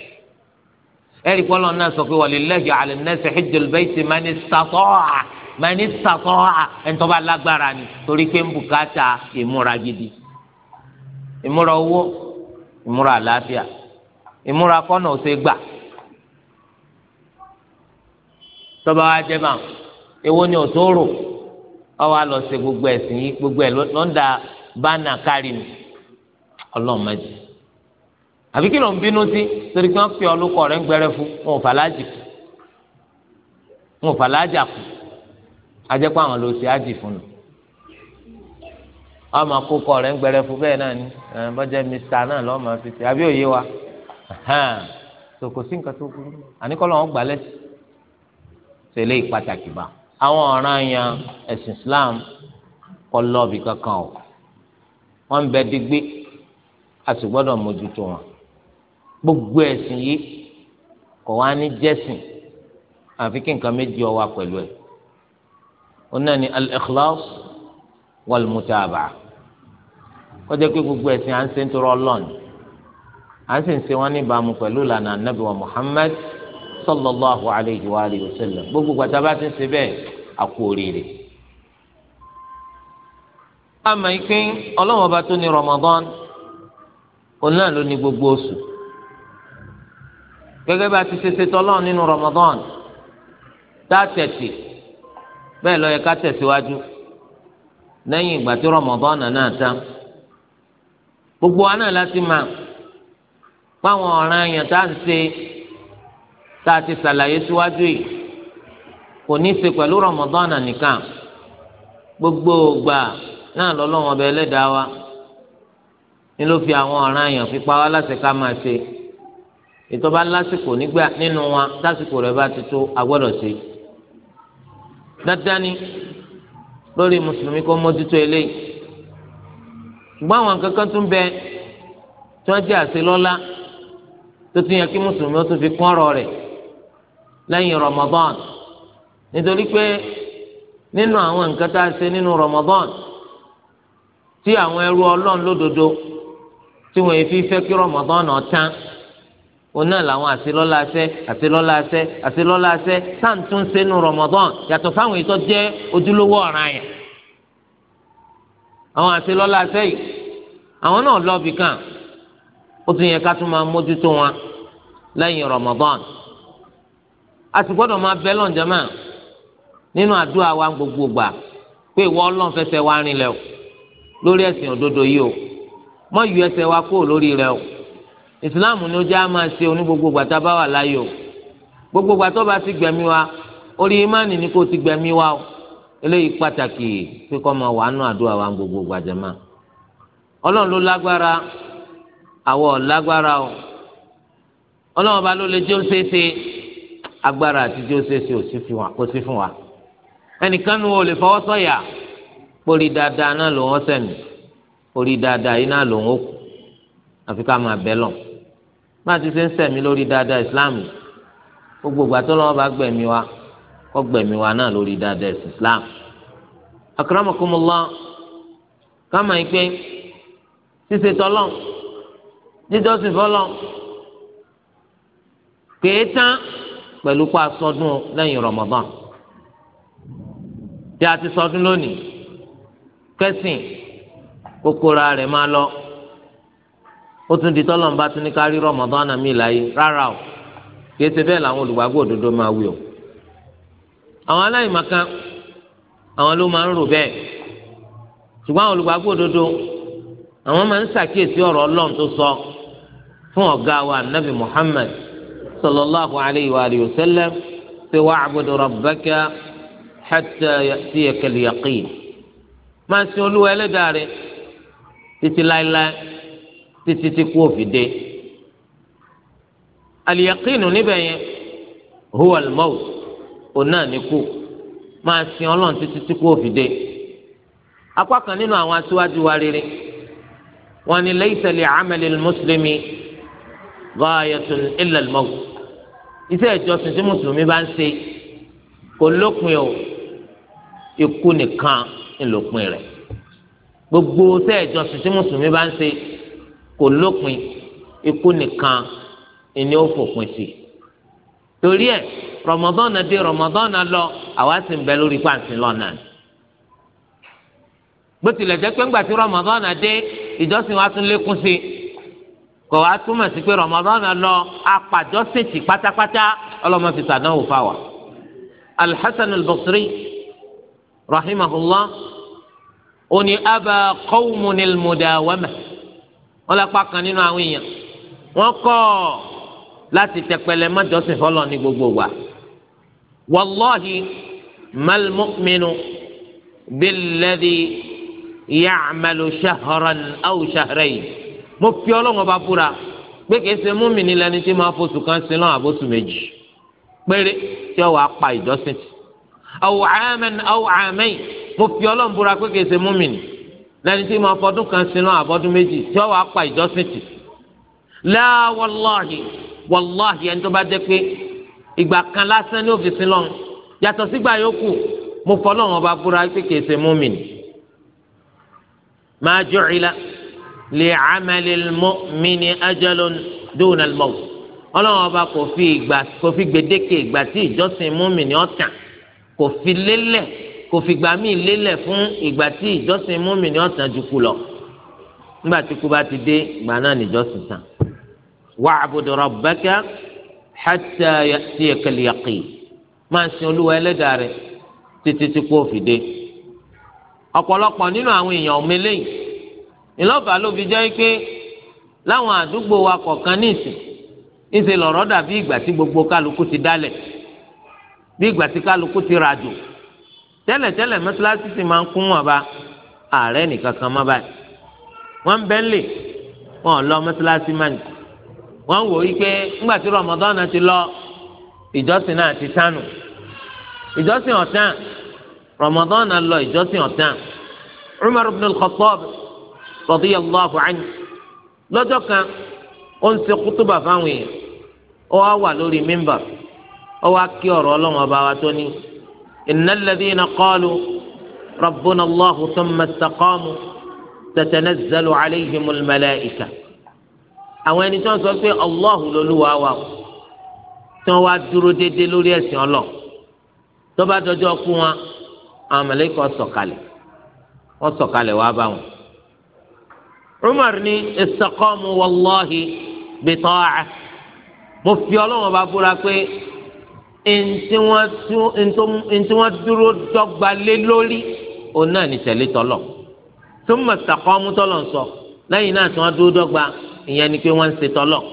A: ẹ̀rí pọ́lọ́ náà sọ pé walillahi ala nnasi hijjul bayti man istata'a man istata'a ẹ̀ńtọ́ lágbára ni torí pé ń bùkátà ìmúra gidi ìmúra owó ìmúra àlàáfíà ìmúra kọ́nà ọ̀sẹ̀ gbà tọ́ba wa jẹ́ bá ewo ni òtóró ọwọ́ àlọ́ ṣe gbogbo ẹ̀sìn yìí gbogbo ẹ̀ lọ́ńdà bánà àbí kí ló ń bínú sí torí pé wọ́n pè ọ́ lóko rẹ̀ ń gbẹrẹ fún wọn ò fàlájì kù wọn ò fàlájà kù ajẹ́pọ̀ àwọn ló ṣe ájì fún un ọmọ akókò rẹ̀ ń gbẹrẹ fún bẹ́ẹ̀ náà ni bọ́jẹ́ mista náà lọ́ọ́ máa fi ṣe àbí òye wa kò sí nǹkan tó kú àníkọ́ lọ́wọ́ gbà lẹ́sìn tẹ̀lé pàtàkì bá àwọn ọ̀ràn yẹn ẹ̀sìn Islam kọ́ lọ́ọ̀bì kankan o wọ́n ń bẹ digbí a sì gbọ́dọ̀ mójútó wọn gbogbo ẹ̀sìn yìí kò wá ní jẹ́sìn àfi kí nǹkan méjì ó wà pẹ̀lú ẹ̀ òun náà ni al-ikhlas wal-mutaba'ah ó jẹ́ pé gbogbo ẹ̀sìn à ń ṣe ń tọrọ ọlọ́ọ̀ni à ń sì ń ṣe wọ́n níbàámu pẹ̀lú ìlànà anábì wa Muhammad sallallahu alayhi wa alihi wa sallam gbogbo gbàtà bá ti ń ṣe bẹ́ẹ̀ àkú oríire. àmọ́ ìpín ọlọ́wọ́n ọba tó ní Ramadan òun náà ló ní gbogbo oṣù gẹ́gẹ́ bá ti ṣe ṣe tọ́lọ́run nínú Ramadan dá tẹ̀sí bẹ́ẹ̀ ló yẹ ká tẹ̀síwájú lẹ́yìn ìgbà tí Ramadan náà tán gbogbo wa náà láti máa fáwọn ọ̀ràn èèyàn tá à ń ṣe tá a ti ṣàlàyé síwájú yìí kò ní í ṣe pẹ̀lú Ramadan nìkan gbogbo ògbà náà lọ́lọ́wọ́n ọba ẹlẹ́dàá wa ni ló fi àwọn ọ̀ràn èèyàn fi pa wá láṣẹ ká máa ṣe ìtọ́ba lásìkò nígbà nínú wa lásìkò rẹ̀ bá ti tó agbọ́dọ̀ sí dandan ni lórí mùsùlùmí kó mójútó eléyìí ṣùgbọ́n àwọn kankan tún bẹ tí wọ́n jẹ́ àṣelọ́lá tó ti yẹ kí mùsùlùmí ó tún fi kún ọ̀rọ̀ rẹ̀ lẹ́yìn Ramadan nítorí pé nínú àwọn nǹkan tá a ṣe nínú Ramadan tí àwọn ẹrú Ọlọ́run lódodo tí wọ́n fi fẹ́ kí Ramadan náà tán oná làwọn àṣelọ́láṣẹ́ àṣelọ́láṣẹ́ àṣelọ́láṣẹ́ táǹtún sẹ́nu rọmọdán yàtọ̀ fáwọn ètò jẹ́ ojúlówó ọ̀ràn yẹn àwọn àṣelọ́láṣẹ́ yìí àwọn náà lọ́ọ̀bì kan ó tún yẹ ká tún máa mójútó wọn lẹ́yìn rọmọdán a sì gbọ́dọ̀ máa bẹ́ lọ́njẹ́ mọ́ nínú àdúrà wa gbogbo gbà pé ìwọ ọlọ́run fẹsẹ̀ wa rinlẹ̀ o lórí ẹ̀sìn òdodo yìí o mọ́ Islam ni ó jẹ́ àmà ṣe oní gbogbo gbàtà bá wà láyé o gbogbo gbàtà bá ti gbẹ̀mí wa orí imáàni ni kò ti gbẹ̀mí wa o eléyìí pàtàkì pé kọ́ máa wà nù àdúrà wa gbogbo gbàjẹ́mà ọlọ́run ló lágbára àwọ̀ lágbára o ọlọ́run ọba ló lè jẹ́ òṣèṣe agbára àti jẹ́ òṣèṣe kò sí fún wa ẹnìkan nu o lè fọwọ́ orí dáadáa náà lòun ọ̀sẹ̀ mi orí dáadáa yìí náà lòun ó kù máa bẹ́ lọ́n má ti ṣe ń sẹ̀mí lórí dáadáa islam yìí gbogbo ìgbà tó lọ́wọ́ bá gbẹ̀mí wa kọ́ gbẹ̀mí wa náà lórí dáadáa islam. akramakumullah káma yìí pé ṣíṣe tọ́lọ̀ jíjọ́sìn fọlọ́ kèé tán pẹ̀lú pa sọdún lẹ́yìn rọmọdán tí a ti sọdún lónìí kẹ́sìn kókóra rẹ̀ máa lọ ó tún di tọ́lọ̀ ń bá tún ní ká rí rọmọdánà mi láyé rárá o kì í ṣe bẹ́ẹ̀ làwọn olùgbàgbọ́ òdodo máa wí o. àwọn aláìmọ̀kan àwọn ló máa ń rò bẹ́ẹ̀ ṣùgbọ́n àwọn olùgbàgbọ́ òdodo àwọn máa ń ṣàkíyèsí ọ̀rọ̀ ọlọ́run tó sọ fún ọ̀gá wa nabi muhammad sallallahu alayhi wa alihi wa sallam ṣe wa'budu rabbaka hatta ya'tiyaka al-yaqin máa ṣe olúwa ẹlẹ́dàá rẹ̀ títí láéláé títí tí kú òfin dé àlìyàkínù níbẹ̀ yẹn huwa al-maut òun náà ní kú máa sin ọlọ́run títí tí kú òfin dé apá kan nínú àwọn aṣíwájú wa rere wọn ni laysa li amali al-muslimi ghayatun illa al-maut iṣẹ́ ìjọsìn tí mùsùlùmí bá ń ṣe kò lópin o ikú nìkan ńlọpin rẹ̀ gbogbo iṣẹ́ ìjọsìn tí mùsùlùmí bá ń ṣe kò lópin ikú nìkan ni ó fòpin sí torí ẹ rọmọdọ́nà dé rọmọdọ́nà lọ àwa sì ń bẹ lórí pàǹsì lọ́nà bó tilẹ̀ jẹ́ pé ńgbà tí rọmọdọ́nà dé ìjọsìn wa tún lékún sí kò wá túmọ̀ sí pé rọmọdọ́nà lọ apàjọ́sìn tì pátápátá ọlọ́mọ fi sàdánwò fáwà alḥasan al-basri rahimahullah ó ní abà qawmun wọn lápá kan nínú àwọn èèyàn wọn kọ̀ láti tẹpẹlẹ mọ́jọ́sìn fọlọ́ ní gbogbo wa wàlọ́hì malmọ́mìnú bílẹ̀dì yàmàlú ṣahran aw ṣahrayn mo fi ọlọ́wọ́n bá búra pé kìí ṣe múmìnì lẹni tí máa fosùn kan sí náà àbóṣù méjì péré tí wàá pa ìjọsìn tì aw àmẹ́n aw mo fi ọlọ́wọ́n búra pé kìí ṣe múmìnì lẹ́ni tí mo afọdún kan sinú àbọ̀dún méjì tí wọ́n wàá pa ìjọsìn tì la wallahi wallahi ẹni tó bá jẹ́ pé ìgbà kan lásán ní òfìsí lọ́n yàtọ̀ sígbà yòókù mo fọlọ́run ọba búra pé kìí ṣe mu'min ma ju'ila li 'amalil mu'mini ajalun duna al-maut ọlọ́run ọba kò fi gbèdéke ìgbà tí ìjọsìn mu'min ọ̀tàn kò fi lélẹ̀ kò fìgbà míì lélẹ̀ fún ìgbà tí ìjọsìn múmìnì ọ̀sán ju kú lọ nígbà tí kú bá ti dé ìgbà náà níjọsìn tán wa'bud rabbaka hatta ya'tiyakal yaqin máa sin olúwa ẹlẹ́dàá rẹ títí tí kú òfì dé ọ̀pọ̀lọpọ̀ nínú àwọn èèyàn ọ̀mẹ́lẹ́ yìí ìlọ́ba ló fi jẹ́ pé láwọn àdúgbò wa kọ̀ọ̀kan ní ìsìn ìṣe lọ̀rọ̀ dàbí ìgbà tí gbogbo kálukú ti dálẹ̀ bí ìgbà tí kálukú ti ràjò tẹ́lẹ̀tẹ́lẹ̀ mọ́sálásí sì máa ń kún wọn bá ààrẹ nìkan kan má báyìí wọ́n ń bẹ́ńlẹ̀ wọn ò lọ mọ́sálásí má nìkan wọ́n ń wò yí pé ńgbà tí Ramadan náà ti lọ ìjọsìn náà ti sánù ìjọsìn ọ̀tán Ramadan náà lọ ìjọsìn ọ̀tán Umar ibn al-Khattab radiyallahu anhu lọ́jọ́ kan ó ń ṣe kútùbà fáwọn èèyàn ó wá wà lórí mímbà ó wá kí ọ̀rọ̀ ọlọ́run ọba wa tó ní. إن الذين قالوا ربنا الله ثم استقاموا تتنزل عليهم الملائكة àwọn ẹni tí wọn sọ pé allah lolúwa wa tí wọn wá dúró déédéé lórí ẹsìn ọlọ tó bá dọjọ́ kú wọn àwọn mẹlẹkọ sọ̀kalẹ̀ wọn sọ̀kalẹ̀ wá bá wọn. umar ní istaqamu wàllahi bita'a mo fi ọlọ́wọ́n bá búra pé ntí wọ́n dúró dọ́gba lé lórí òun náà ní tẹ̀lé tọ́lọ̀ tó mọ̀ sàkọ́ mú tọ́lọ̀ ń sọ lẹ́yìn náà tí wọ́n dúró dọ́gba ìyẹn ni pé wọ́n ń ṣe tọ́lọ̀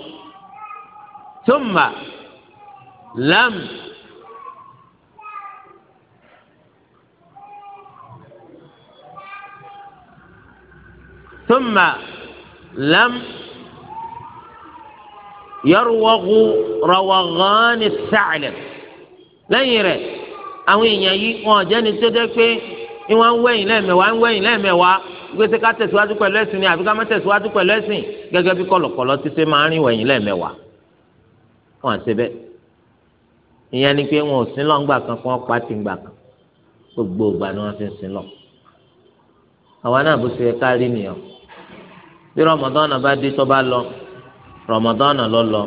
A: tó mọ̀ lẹ́m. ثم لم يروغ روغان الثعلب lẹ́yìn rẹ̀ àwọn èèyàn yìí wọn ọ̀jẹ́ni tó dẹ́ pé ìwọ̀n ń wẹ̀yìn lẹ́ẹ̀mẹ̀wá ń wẹ̀yìn lẹ́ẹ̀mẹ̀wá gbèsè ká tẹ̀síwájú pẹ̀lú ẹ̀sìn ni àbí ká má tẹ̀síwájú pẹ̀lú ẹ̀sìn gẹ́gẹ́ bí kọ̀lọ̀kọ̀lọ̀ ti ṣe máa ń rìn wẹ̀yìn lẹ́ẹ̀mẹ̀wá wọn àti bẹ́ẹ̀ ìyẹn ni pé wọn ò sin lọ́n kan kí wọ́n pa ti gbà kan gbogbo ìgbà ni wọ́n fi ń sin lọ. àwa náà bó ṣe yẹ ká rí nìyẹn bí rọmọdọ́nà bá dé tó bá lọ rọmọdọ́nà lọ lọ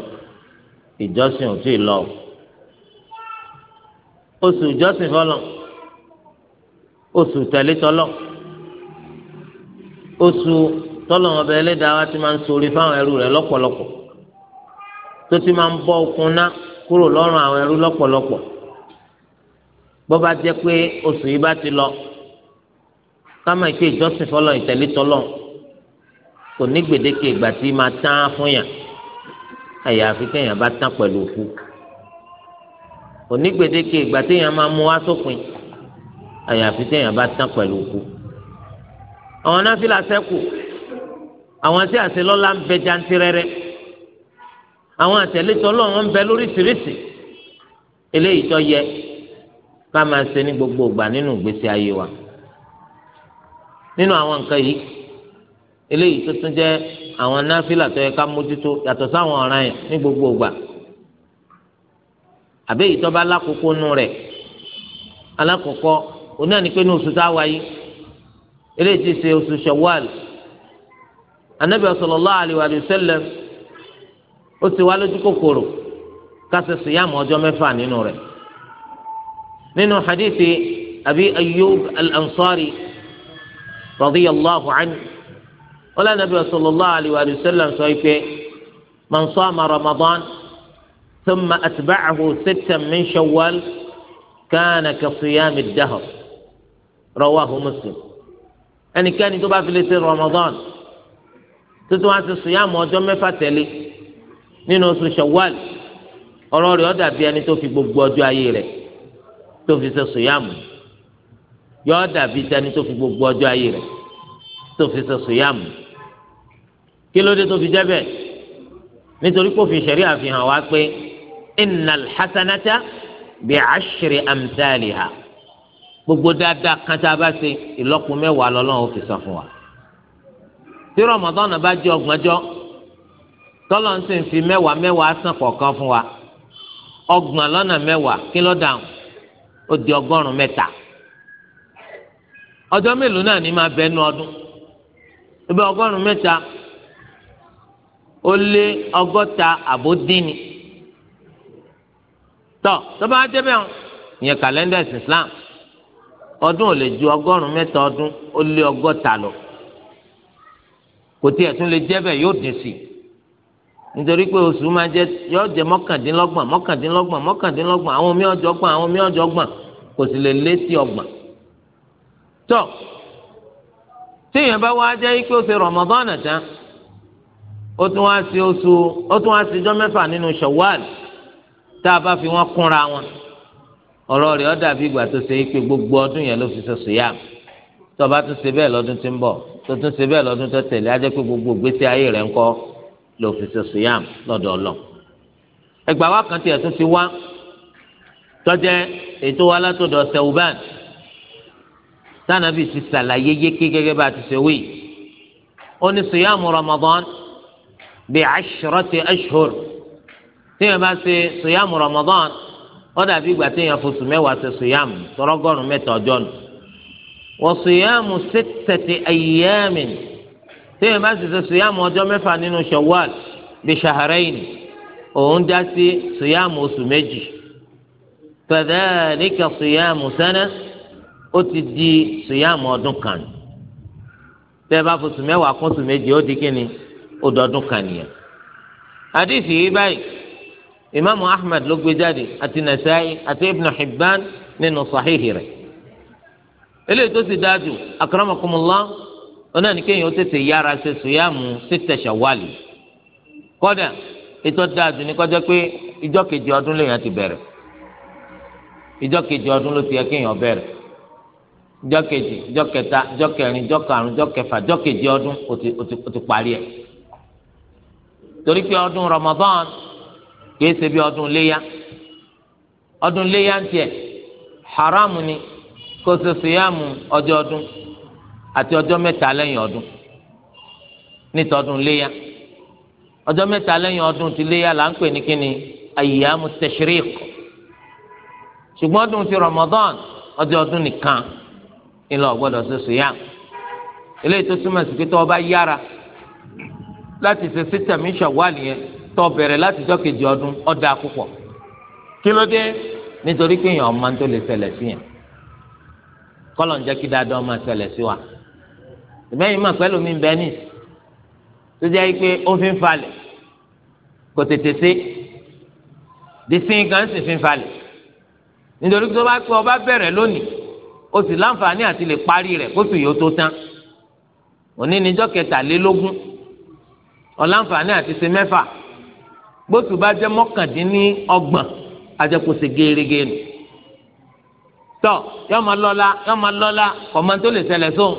A: ìjọsìn ò tí ì lọ oṣù jọ́sìn fọlọ́ oṣù tẹ̀lé tọ́lọ́ oṣù tọ́lọ́ ọbẹ̀ ẹlẹ́dàá wa ti máa ń sori fáwọn ẹrú rẹ̀ lọ́pọ̀lọpọ̀ tó ti máa ń bọ́ okun ná kúrò lọ́rùn àwọn ẹrú lọ́pọ̀lọpọ̀ bó bá jẹ́ pé oṣù yìí bá ti lọ káma ìpè ìjọsìn fọlọ́ ìtẹ̀lé tọ́lọ́ kò ní gbèdéke ìgbà tí máa tán fún yàn àyàfi kéèyàn bá tán pẹ̀lú òkú onígbèdéke ìgbà téèyàn máa mú wá sópin àyàfi téèyàn bá tán pẹ̀lú kú àwọn náfìlà sẹ́kù àwọn tí àṣelọ́lá ń bẹ jantirẹrẹ àwọn àtẹ̀lẹ́tọ̀ lọ́wọ́ ń bẹ lóríṣiríṣi eléyìí tó yẹ ká máa ṣe ní gbogbo ìgbà nínú ìgbésí ayé wa nínú àwọn nǹkan yìí eléyìí tó tún jẹ́ àwọn náfìlà tó yẹ ká mójútó yàtọ̀ sáwọn ọ̀ràn yẹn ní gbogbo ìgbà àbẹ èyí tó bá alákòókò nù rẹ̀ alákòókò oní ànípé ní oṣù tá a wáyé eléyìí ti ṣe oṣù Shawwal anabi sallallahu alaihi wa sallam ó ti wá lójú kòkòrò kásẹ̀ síyàmù ọjọ́ mẹ́fà nínú rẹ̀ nínú hadithi abi ayyub al-ansari radiyallahu anhu wala anabi sallallahu alaihi wa sọ pé man ramadan. ثم أتبعه ستا من شوال كان كصيام الدهر رواه مسلم ẹnì kẹ́ni tó bá fi lè ṣe rọmọdán tuntun àti sùyàmù ọjọ́ mẹ́fà tẹ̀lé nínú oṣù ṣawwal ọ̀rọ̀ rẹ̀ ó dàbí ẹni tó fi gbogbo ọjọ́ ayé rẹ̀ tó fi ṣe sùyàmù yọ ó dàbí ẹni tó fi gbogbo ọjọ́ ayé rẹ̀ tó fi ṣe sùyàmù kí ló dé tó fi jẹ́ bẹ́ẹ̀ nítorí kó fi ṣẹ̀rí àfihàn wá pé. innal hasanata bi ashri amthaliha gbogbo dáadáa kan tá a bá ṣe ìlọ́po mẹ́wàá lọ́lọ́run fi san fún wa tí rọmọdọ́nà bá jẹ́ ọgbọ̀njọ́ tọ́lọ̀ sì ń fi mẹ́wàá mẹ́wàá kọ̀ọ̀kan fún wa lọ́nà mẹ́wàá kí ló dáhùn ó di ọgọ́rùn-ún mẹ́ta ọjọ́ mélòó náà ní máa bẹ́ẹ̀ nu ọdún ibi ọgọ́rùn-ún mẹ́ta tọ tọ́ba ajẹ́bẹ̀ hàn ìyẹn kàlẹ́ndà islam ọdún ò lè ju ọgọrùn ún ọdún ó lé ọgọ́ta lọ kò tiẹ̀ tún lè jẹ́bẹ̀ yóò dín sí nítorí pé oṣù máa jẹ yọ jẹ àwọn omi ọjọ́gbọ̀n àwọn omi ọjọ́gbọ̀n kò sì lè lé sí bá wá ṣe tán ó tún wá sí oṣù ó tá a bá fi wọn kúnra wọn ọ̀rọ̀ rẹ̀ ó dàbí ìgbà tó ṣe pé gbogbo ọdún yẹn ló fi ṣe sùyàm tó bá tún ṣe bẹ́ẹ̀ lọ́dún tí ń bọ̀ tó tún ṣe bẹ́ẹ̀ lọ́dún tó tẹ̀lé á jẹ́ pé gbogbo ìgbésí ayé rẹ̀ ńkọ́ ló fi ṣe sùyàm lọ́dọ̀ ọlọ́ ẹgbà wa kan tiẹ̀ tún ti wá tọ́jẹ́ ètò wa látọ̀dọ̀ sẹ̀wúbán tánàbì ti ṣàlàyé yéké gẹ́gẹ́ bá ti ṣe wí ó ní sùyàm Ramadan bí ashrati téèyàn bá ṣe sòyàmù Ramadan ó dàbí ìgbà téèyàn fosùn mẹ́wàá ṣe sòyàmù tọrọgọ́rùn mẹ́ta ọjọ́ nù wọ́n sòyàmù sittati ayyamin téèyàn bá sì ṣe sòyàmù ọjọ́ mẹ́fà nínú Shawwal bí shahrayn òun dá sí sòyàmù oṣù méjì fadhalika sòyàmù sana ó ti di sòyàmù ọdún kan tẹ́ẹ̀ bá fosùn mẹ́wàá kún sùn méjì ó di kíni ó dọdún kan nìyẹn àdìsí yìí báyìí imaamu ahmed ló gbé jáde àti nasaayi àti ibn hibban nínú sahihi rẹ̀ eléyìí tó ti dájú akramakumullah ọ̀nà ni kéèyàn tètè yára ṣe sùyàmù sitta ṣàwálì kọ́dà ètò dájú ní kọjá pé ìjọ kejì ọdún lèèyàn ti bẹ̀rẹ̀ ìjọ kejì ọdún ló ti yẹ kéèyàn bẹ̀rẹ̀ ìjọ kejì ìjọ kẹta ìjọ kẹrin ìjọ karùn ìjọ kẹfà ìjọ kejì ọdún ó ti parí ẹ̀ torí pé ọdún Ramadan. kìí ṣe bí ọdún léyà ọdún léyà ń haramu ni kó ṣe ṣìyàmù ọjọ́ ọdún àti ọjọ́ mẹ́ta lẹ́yìn ọdún nítọ́dún léyà ọjọ́ mẹta lẹ́yìn ọdún ti léyà là ń pè ní kíni ayyamu tashriq ṣùgbọ́n ọdún ti Ramadan ọjọ́ ọdún nìkan ṣe ṣìyàmù eléyìí tó túmọ̀ tó bẹ̀rẹ̀ láti jọ́ kejì ọdún ọ̀dà púpọ̀ kí ló dé nítorí pé èèyàn ọmọ tó lè ṣẹlẹ̀ sí yẹn kọ́lọ̀ ń jẹ́ kí dáadáa ọmọ ṣẹlẹ̀ sí wa ìbẹ́yìn mà pẹ́lú mi bẹ́ẹ̀ nìyí tó jẹ́ pé ó fi ń falẹ̀ kò tètè sí dísìn kan sì fi ń falẹ̀ nítorí tó bá pé ọba bẹ̀rẹ̀ lónìí o sì láǹfààní àti lè parí rẹ̀ kó sì yóò tó tán òní níjọ́ kẹtàlélógún ọ̀láǹfààní àti ṣe mẹ́fà gbósù bá jẹ́ mọ́kàndínní ọgbọ̀n ajẹkùsì gẹ́gẹ́ nù tọ yọọ ma lọ́la yọọ ma lọ́la kọmọtò lè ṣẹlẹ̀ sóun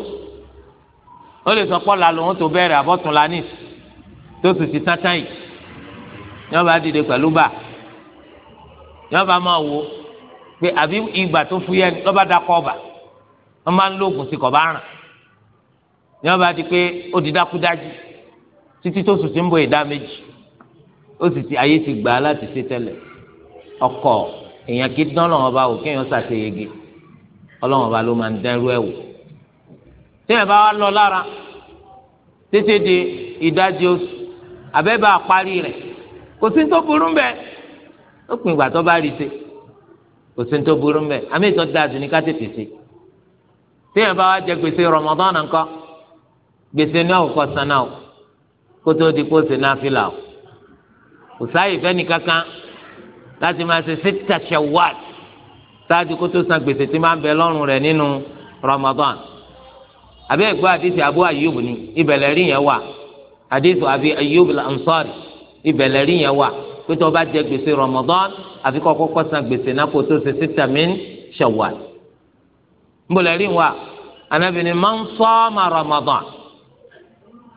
A: ó lè sọ pọlà lòun tó bẹ̀rẹ̀ àbọtúnla ní tó sì ti tátá yìí yọọ bá dìde pẹ̀lú bá yọọ bá máa wò pé àbí ìgbà tó fúyẹ́ lọọ bá dakọ ọba wọn máa ń lóògùn sí kọba àràn yọọ bá di pé ó di dákúdájú títí tó sùn sí ń bọ ìdá méjì ó sì ti ayé ti gbà á láti ṣe tẹ́lẹ̀ ọkọ èèyàn kì í dán lọ́wọ́n bá wò kéèyàn ṣàṣeyege ọlọ́wọ́n bá ló máa ń dẹ́rú ẹ̀ wò téèyàn bá wá lọ lára títí di ìdajì oṣù àbẹ́bà àparí rẹ̀ kò sí tó burú ń bẹ̀ ó pin ìgbà tó bá rí ṣe kò sí tó burú ń àmì ìtọ́ da àdùnní ká tètè ṣe téèyàn bá wá jẹ gbèsè Ramadan nǹkan gbèsè ní àwòkọ́ sanáà kótó di kó ṣe náà fi là kò sáàyè fẹ́ni kankan láti máa ṣe sita shawwal sáájú kó tó san gbèsè tí máa ń bẹ lọ́rùn rẹ̀ nínú ramadan àbí ẹ̀gbọ́ àdìsí abu ayub ni ìbẹ̀lẹ̀ rí yẹn wà àdìsí àbí ayub ansari ìbẹ̀lẹ̀ rí yẹn wà pé tó bá jẹ gbèsè ramadan àfi kọ́ kọ́kọ́ san gbèsè náà kó ṣe sita min shawwal nbọ̀lẹ̀ rí wa anabi ni man sama ramadan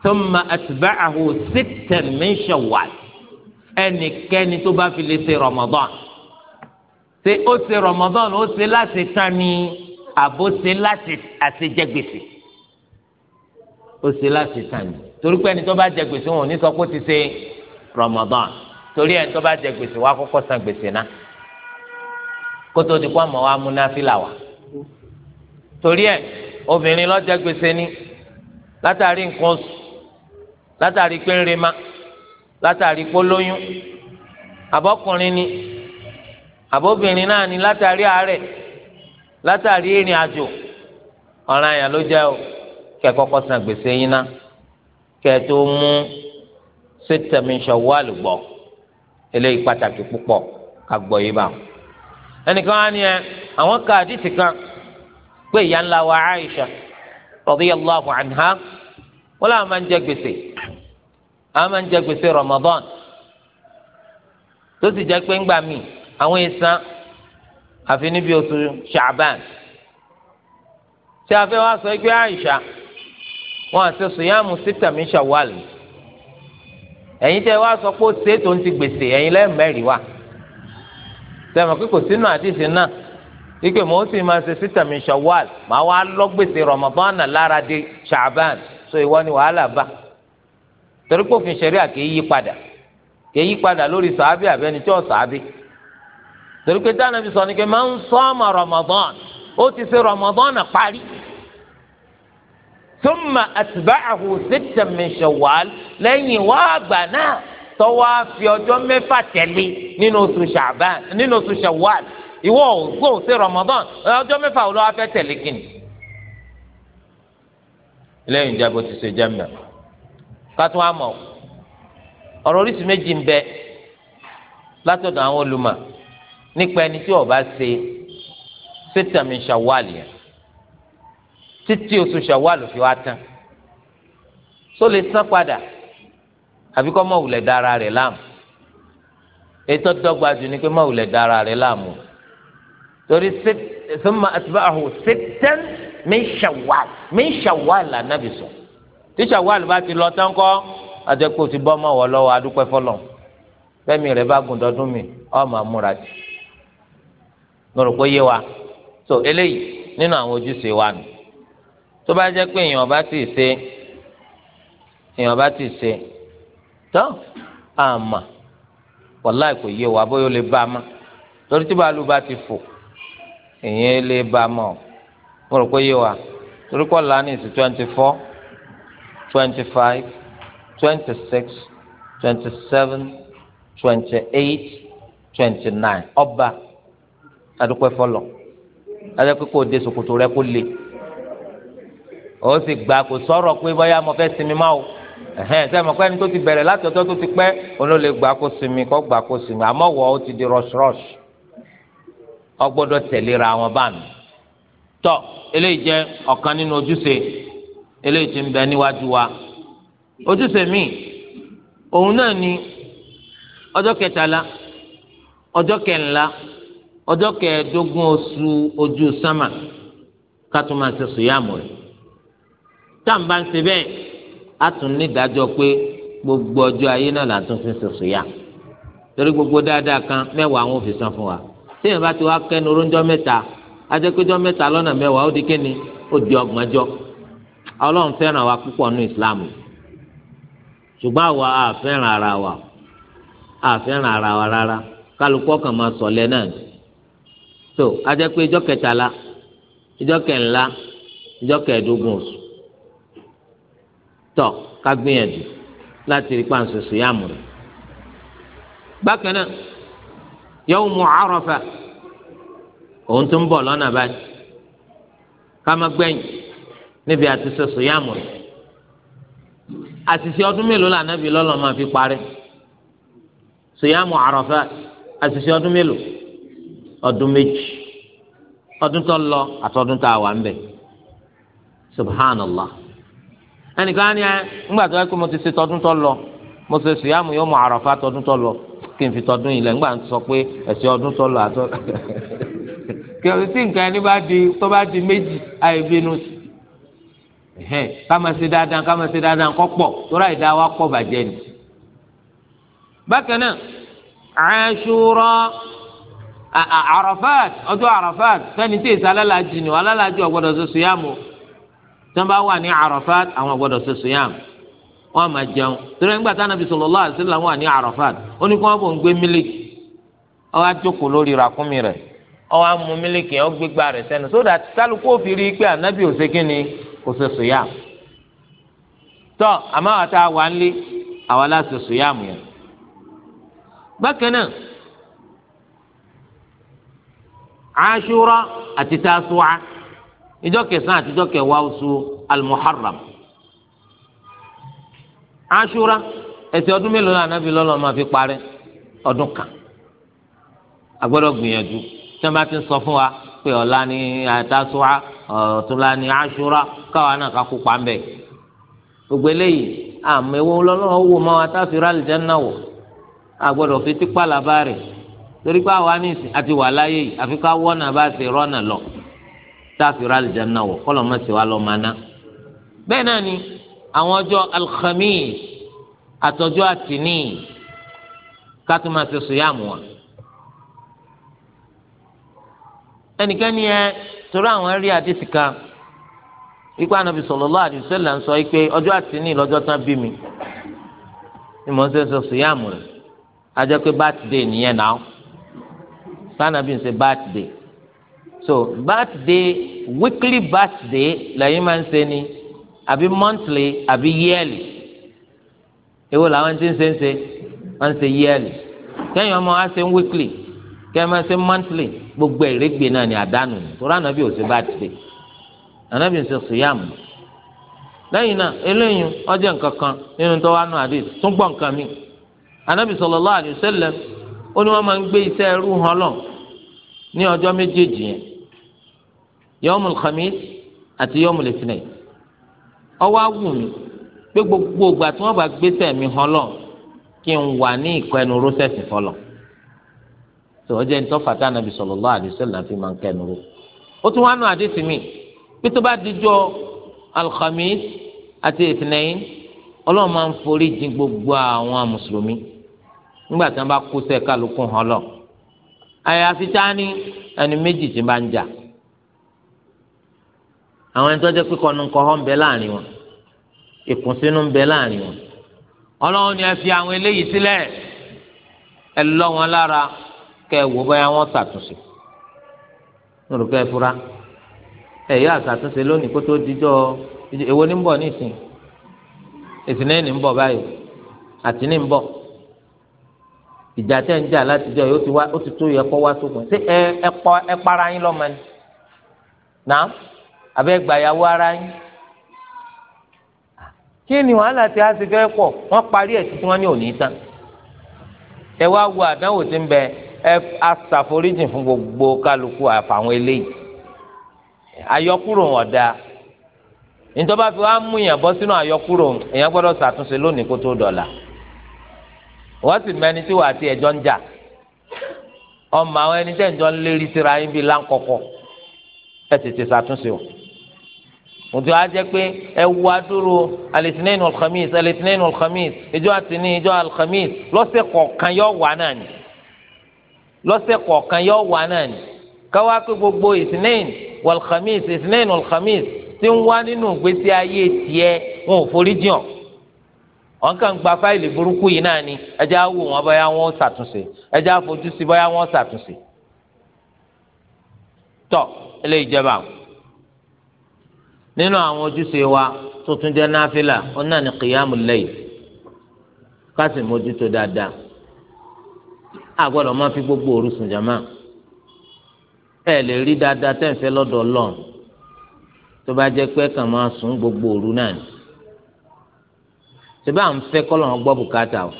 A: thumma atba'ahu sita min shawwal ẹnikẹ́ni tó bá fi lè ṣe rọmọdán ṣe ó ṣe rọmọdán ó ṣe láti tán ni àbó ṣe láti àṣejẹ gbèsè ó ṣe láti tán ni torí pé ẹni tó bá jẹ gbèsè wọn ò ní sọ pé ó ti ṣe rọmọdán torí ẹni tó bá jẹ gbèsè wa kọ́kọ́ san gbèsè náà kótó ti kó àmọ́ wa mú náfìlà wa torí ẹ obìnrin ló gbèsè ni látàrí nǹkan oṣù látàrí pé ń rema látàrí polóyún àbọ̀kùnrin ni àbóbìnrin náà ni látàrí àárẹ̀ látàrí ìrìn àjò ọ̀ràn àyàn ló jẹ́ o kẹ́ kọ́kọ́ san gbèsè yín ná kẹ́ tó mú sètẹ̀míṣọ̀ wàlù gbọ́ eléyìí pàtàkì púpọ̀ kagbọ̀ yìí bá ẹnìkan á ní ẹ àwọn ka àdìsí kan pé ìyá ńlá wa Aisha radiyallahu anha wọ́n làwọn máa ń jẹ gbèsè àwọn máa ń jẹ gbèsè Ramadan tó sì jẹ pé ńgbà míì àwọn ìsan àfi níbi oṣù Sha'ban tí a fẹ́ wá sọ pé Àìṣà wọn àti sùyàmù sítàmì Ṣawwal ẹ̀yin tẹ́ wá sọ pé ó ṣe tó ń ti gbèsè ẹ̀yin lẹ́ẹ̀mẹ́rin wà sẹ́mi pé kò sínú àdìsí náà ike mò ń sì máa ṣe sítàmì Ṣawwal màá wá lọ gbèsè Ramadan lára di Sha'ban so ìwọ ni wàhálà bá torí pé òfin ṣẹ̀ríà kì í yí padà kì í yí padà lórí sàábì àbẹ́ni tí ò sàábì torí pé dáná fi sọ ni pé máa ń sọ ọmọ Ramadan ó ti ṣe Ramadan parí thumma atba'ahu sittan min Shawwal lẹ́yìn wá àgbà náà tọ́wọ́ fi ọjọ́ mẹ́fà tẹ̀lé nínú oṣù Sha'ban nínú oṣù Shawwal ìwọ ògbó ṣe Ramadan ọjọ́ mẹ́fà wo ló wá fẹ́ tẹ̀lé kìnnì lẹ́yìn ìjábọ̀ ti ṣe jẹ́ mẹ́rin kátó àmọ́ ọ̀rọ̀ oríṣi méjì ń bẹ látọ̀dọ̀ àwọn olùmọ̀ nípa ẹni tí ó bá ṣe sítàmì ṣàwálì yẹn títí oṣù ṣàwálì fi wá tán tó lè san padà àbí kọ́ mọ̀ wùlẹ̀ dára rẹ̀ láàmú ètò dọ́gba jù ni pé mọ̀ wùlẹ̀ dára rẹ̀ láàmú torí sọ́mà àtibáhù sítẹ́n ṣàwálì min ṣàwálì lànà bìsọ̀ tíṣà wà ló bá ti lọ tán kọ́ àtẹ̀kọ́ ti bọ́ mọ́ wọ́ lọ́wọ́ adúpẹ́ fọlọ́ fẹ́mi rẹ̀ bá gùn dọ́dún mi ọmọ àmúra jù lọ́rọ̀ pé yé wa so eléyìí nínú àwọn ojúṣe wa nù tó bá jẹ́ pé èèyàn bá ti ṣe èèyàn bá ti ṣe tán àmà wàláì kò yé wa bóyá ó lè bá a má torí tí bàálù bá ti fò èèyàn lè bá a mọ̀ ọ́ lọ́rọ̀ pé yé wa torí kọ́ lánìí sí twenty four. 25, 26, 27, 28, 29. ọba adúpẹ́ fọlọ́ adúpẹ́ kò de ṣòkòtò rẹ kó le ó sì gbà kó sọ̀rọ̀ pé bóyá mo fẹ́ sinmi máa o ẹ̀hẹ́n sẹ́mi ọ̀pẹ́ ẹni tó ti bẹ̀rẹ̀ láti ọjọ́ tó ti pẹ́ òun ló lè gbà kó sinmi kó gbà kó sinmi àmọ́ wọ́ ó ti di rush rush ọgbọ́dọ̀ tẹ̀léra wọn bá mi tọ́ eléyìí jẹ́ ọ̀kan nínú ojúṣe eléyìí tí ń bẹ níwájú wa ojúṣe mi òun náà ni ọjọ́ kẹtàlá ọjọ́ kẹńlá ọjọ́ kẹẹ̀ẹ́dógún oṣù ojú sámà kátó máa ṣe sùyàmù rẹ̀ táǹbà ń ṣe bẹ́ẹ̀ á tún nídàájọ́ pé gbogbo ọjọ́ ayé náà là fi ṣe sùyàmù torí gbogbo dáadáa kan mẹ́wàá àwọn òfin fún wa téèyàn bá ti wá kẹ́nu oróńjọ́ mẹ́ta ajẹ́pẹ́jọ́ mẹ́ta lọ́nà mẹ́wàá ó di kéne ó di ọgbọ̀njọ́ ọlọ́run fẹ́ràn wa púpọ̀ nínú islam ṣùgbọ́n àwa a ara wa a ara wa rárá kálukú ọkàn máa sọ̀lẹ̀ náà tó a jẹ́ pé ìjọ kẹtàlá ìjọ kẹńlá ìjọ kẹẹ̀ẹ́dógún oṣù tọ ká gbìyànjú láti rí pàǹsẹ̀ sùyàmù rẹ̀ bákan náà yawmu Arafa òun tó ń bọ̀ lọ́nà báyìí ká má gbẹ̀yìn. níbi àtisẹ sòyàmù rẹ àtisẹ ọdún mélòó la nàbí lọlọ máa fi parí sòyàmù àràfà àtisẹ ọdún mélòó ọdún méjì ọdún tó lọ àtọdún tó àwà ń bẹ subhanallah ẹnìkan ni ẹ ńgbà tó yẹ kó mo ti ṣe tọdún tó lọ mo ṣe sòyàmù yóò mọ àràfà tọdún tó lọ kí n fi tọdún yìí lẹ ńgbà sọ pé ẹsẹ ọdún tó lọ àtọ kẹrìntì nǹkan ẹni bá di tó bá di méjì àìbínú sí káma ṣe dáadáa káma ṣe dáadáa kọ́ pọ̀ tóra ìdá wa pọ̀ bàjẹ́ ni. bákan náà Arafat ọjọ́ Arafat fẹ́ni tí èsì alálàájì ni alálàájì ọ̀gbọ́dọ̀ ṣe sùyàmù tí wọ́n wà ní Arafat àwọn ọ̀gbọ́dọ̀ ṣe sùyàmù wọ́n máa jẹun torí nígbà tí Ànábì sallallahu alaihi wasallam wà ní Arafat ó ní kí wọ́n bò ń gbé mílíkì ó wá jókòó lórí ràkúnmí rẹ̀ ó wá mú mílíkì ó gbégbá sẹ́nu sódà kálukú fi rí i pé Ànábì ò kó ṣe sòyàm tọ àmọ́ àwọn tá a wà ń lé àwọn aláṣẹ sòyàm yẹn bákan náà aṣúra àti tásùá ìjọ kẹsàn-án àti ìjọ kẹwàá oṣù almuharram aṣúra ẹsẹ ọdún mélòó náà anábì lọ́lọ́ máa fi parẹ́ ọdún kan agbọ́dọ̀ gbìyànjú tí wọ́n bá ti sọ fún eh, ọ̀tún la ní aṣọra káwa náà ká kópa ń bẹ̀. gbogbo eléyìí àmọ́ ewu lọ́lọ́wọ́ wò máa wá táfìrà àlìjáná wọ̀ àgbọ̀dọ̀ fi tipa làbá rẹ̀ torí pé àwa ní ìsìn àti wà láyé yìí àfi ká wọ́nà bá ṣe rọ́nà lọ táfìrà àlìjáná wọ̀ kọ́lọ̀ mọ́ sí wa lọ́ máa ná. náà ni àwọn ọjọ́ alhamis àtọ́jọ́ àtìní ká tó máa ṣe sùyàmù ẹnikẹ́ni yẹn torí àwọn rí àdìsí kan ikú ànábì sallallahu alaihi wasallam sọ pé ọjọ́ àtìní lọ́jọ́ tán bí mi ni mò ń ṣe sọ síyàmù rẹ̀ ajẹ́ pé bátìdé nìyẹn náà sànàbí ń ṣe bátìdé so bátìdé weekly bátìdé lẹ́yìn máa ń ṣe ni àbí monthly àbí yearly èwo làwọn ti ń ṣe ń ṣe wọ́n ń ṣe yearly kẹ́yìn ọmọ wa ṣe ń weekly kẹ́mẹ́ sí mọ́ntìlì gbogbo ìrégbè náà ni àdánù ni tó ránà bí òsè bá ti dé ànábì ń sọ síyàmù lẹ́yìn náà eléyìí ọjọ́ nǹkan kan nínú tó wà nù àdéhùn tún gbọ́ nǹkan mi ànábì sallallahu alaihi wasallam ó ní wọ́n máa ń gbé iṣẹ́ ẹrú hàn lọ ní ọjọ́ méjèèjì yẹn yawmul khamis àti yawmul ithnain ọwọ́ awù mi pé gbogbo ìgbà tí wọ́n bá gbé sẹ́mi hàn lọ kí n wà ní ìkọ́ ẹnu rósẹ́sì fọlọ́ tó ọjọ́ ní tọ́fà tá ànábì sallallahu alaihi wasallam fi máa ń kẹnu ró. ó tún wá nù àdìsí mi pé tó bá dijọ́ alhamis àti ìtìnẹ́yìn ọlọ́run máa ń forí jìn gbogbo àwọn mùsùlùmí nígbà tí wọ́n bá kó sẹ́ kálukú hàn lọ. àyàfi tání ẹni méjì tí bá ń jà àwọn ẹni tó jẹ́ pé kọ́nu kọ́ ń bẹ láàrin wọn ìkùnsínú ń bẹ láàrin wọn ọlọ́run ni ẹ fi àwọn eléyìí sílẹ̀ ẹ lọ́ wọn lára kẹ wò báyà wọn ṣàtúnṣe nínú kẹ fura ẹ yọ àṣàtúnṣe lónìí kó tó dijọ èwo ní ń bọ̀ nísìn ìsìnlẹ̀ ní ń bọ̀ báyìí àti ní ń bọ̀ ìjà tẹ̀ ń jà látijọ́ yìí ó ti tó yẹ kó wá sókun ṣé ẹ ẹ pọ ẹ para yín lọ́mọ ni náà abẹ́ gbàyàwó ara yín kí ni wàhálà tí a ti fẹ́ pọ̀ wọ́n parí ẹ̀ títí wọ́n ní òní tán ẹ wá wo àdánwò tí ń bẹ ẹ asàforíjì fún gbogbo kálukú àfàwọn eléyìí àyọkúrò wọn dáa ìjọba fi wá mú yàn bọ́ sínú àyọkúrò èèyàn gbọ́dọ̀ ṣàtúnṣe lónìí kó tó dọ̀la wọ́n sì mẹ́ni tí wàá ti ẹ̀jọ́ ń jà ọmọ àwọn ẹni tẹ́ ǹjọ́ ń lérí síra yín bíi láńkọ̀kọ̀ ẹ tètè ṣàtúnṣe o òtún á jẹ́ pé ẹ wo adúrò alẹ́tìnẹ́nu alkhamis alẹ́tìnẹ́nu alkhamis ìjọ àtìní ìjọ alkhamis lọ́sẹ̀ kọ̀ọ̀kan yóò wà náà ni lọ́sẹ̀ kọ̀ọ̀kan yọ wà náà ni káwá pé gbogbo ìsìnẹ́yìn wàlùkàmíìs ìsìnẹ́yìn wàlùkàmíìs ti ń wá nínú ìgbésí ayé tiẹ̀ wọn ò forí jìn wọn kàn gba fáìlì burúkú yìí náà ni ẹjẹ á wò wọn bóyá wọn ó ṣàtúnṣe ẹjẹ á fojú sí bóyá wọn ṣàtúnṣe tọ ilé ìjọba nínú àwọn ojúṣe wa tó tún náfìlà ó náà kìyàmù lẹ́yìn ká sì mójútó dáadáa àgbọ̀dọ̀ máa fi gbogbo òru sùn jàmá ẹ lè rí dáadáa tẹ̀sẹ̀ lọ́dọ̀ Ọlọ́run tó bá jẹ́ pé kàn máa sùn gbogbo òru náà ni síbá ń fẹ́ kọ́ lọ́wọ́ gbọ́ bùkátà o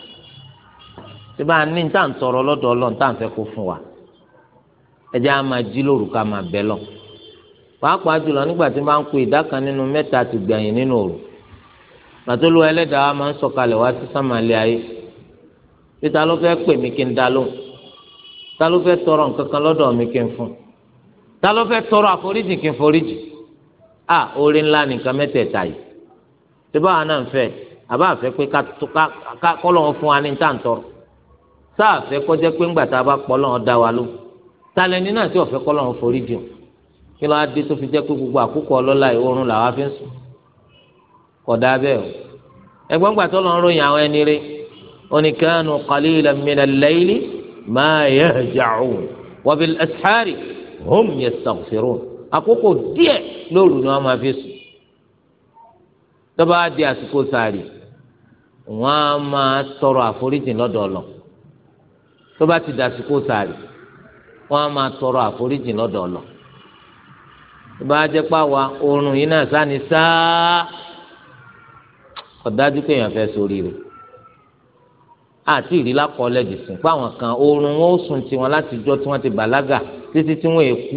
A: síbá ní ní tàn tọrọ lọ́dọ̀ Ọlọ́run tàn fẹ́ kó fún wa ẹ jẹ́ á máa jí lóru ká máa bẹ́ lọ pàápàá jùlọ nígbà tí máa ń kó ìdá kan nínú mẹ́ta ti gbẹ̀yìn nínú òru màtólú ẹlẹ́dàá máa ń sọ̀kalẹ̀ wá sí sàmàlẹ́ ayé pé ta ló fẹ́ pè mí kí n dá lóhùn ta ló fẹ́ tọrọ nǹkan kan lọ́dọ̀ mi kí n fún ta ló fẹ́ tọrọ àforíjì kí n foríjì à orí ńlá nìkan mẹ́tẹ̀ẹ̀ta yìí ṣé báwa náà ń fẹ́ àbá àfẹ́ pé ká kọ́lọ́hún fún wa ní tá à ń tọrọ tá àfẹ́ kọjá pé ńgbà tá a bá pọ̀ lọ́hún dá wa ló ta lẹni náà tí ọ̀fẹ́ kọ́lọ́hún foríjì kí ló á dé tó fi jẹ́ pé gbogbo àkókò ọlọ́lá ìhórun làwa fi ń sùn kódà bẹ́ẹ̀ o ẹgbọ́n tó lọ́n oníkanu qalilan minal layli ma yahja'un wa bil ashari hum yastaghfirun àkókò díẹ̀ lóru ni wọ́n máa fi sùn tọ́ba á di àsìkò sáré wọ́n á máa tọrọ àforíjì lọ́dọ̀ Ọlọ́run tọ́ba ti dàsìkò sáré wọ́n á máa tọrọ àforíjì lọ́dọ̀ Ọlọ́run tọ́ba á jẹ́ pàwọ́ oorun yìí náà sáni sáá ọ̀dájú kéèyàn fẹ́ sórí rẹ̀ àti ìrìlá kọ́lẹ́jì sìn pé àwọn kan oorun wọn ó sùn tiwọn láti jọ tí wọ́n ti bàlágà títí tí wọ́n èkú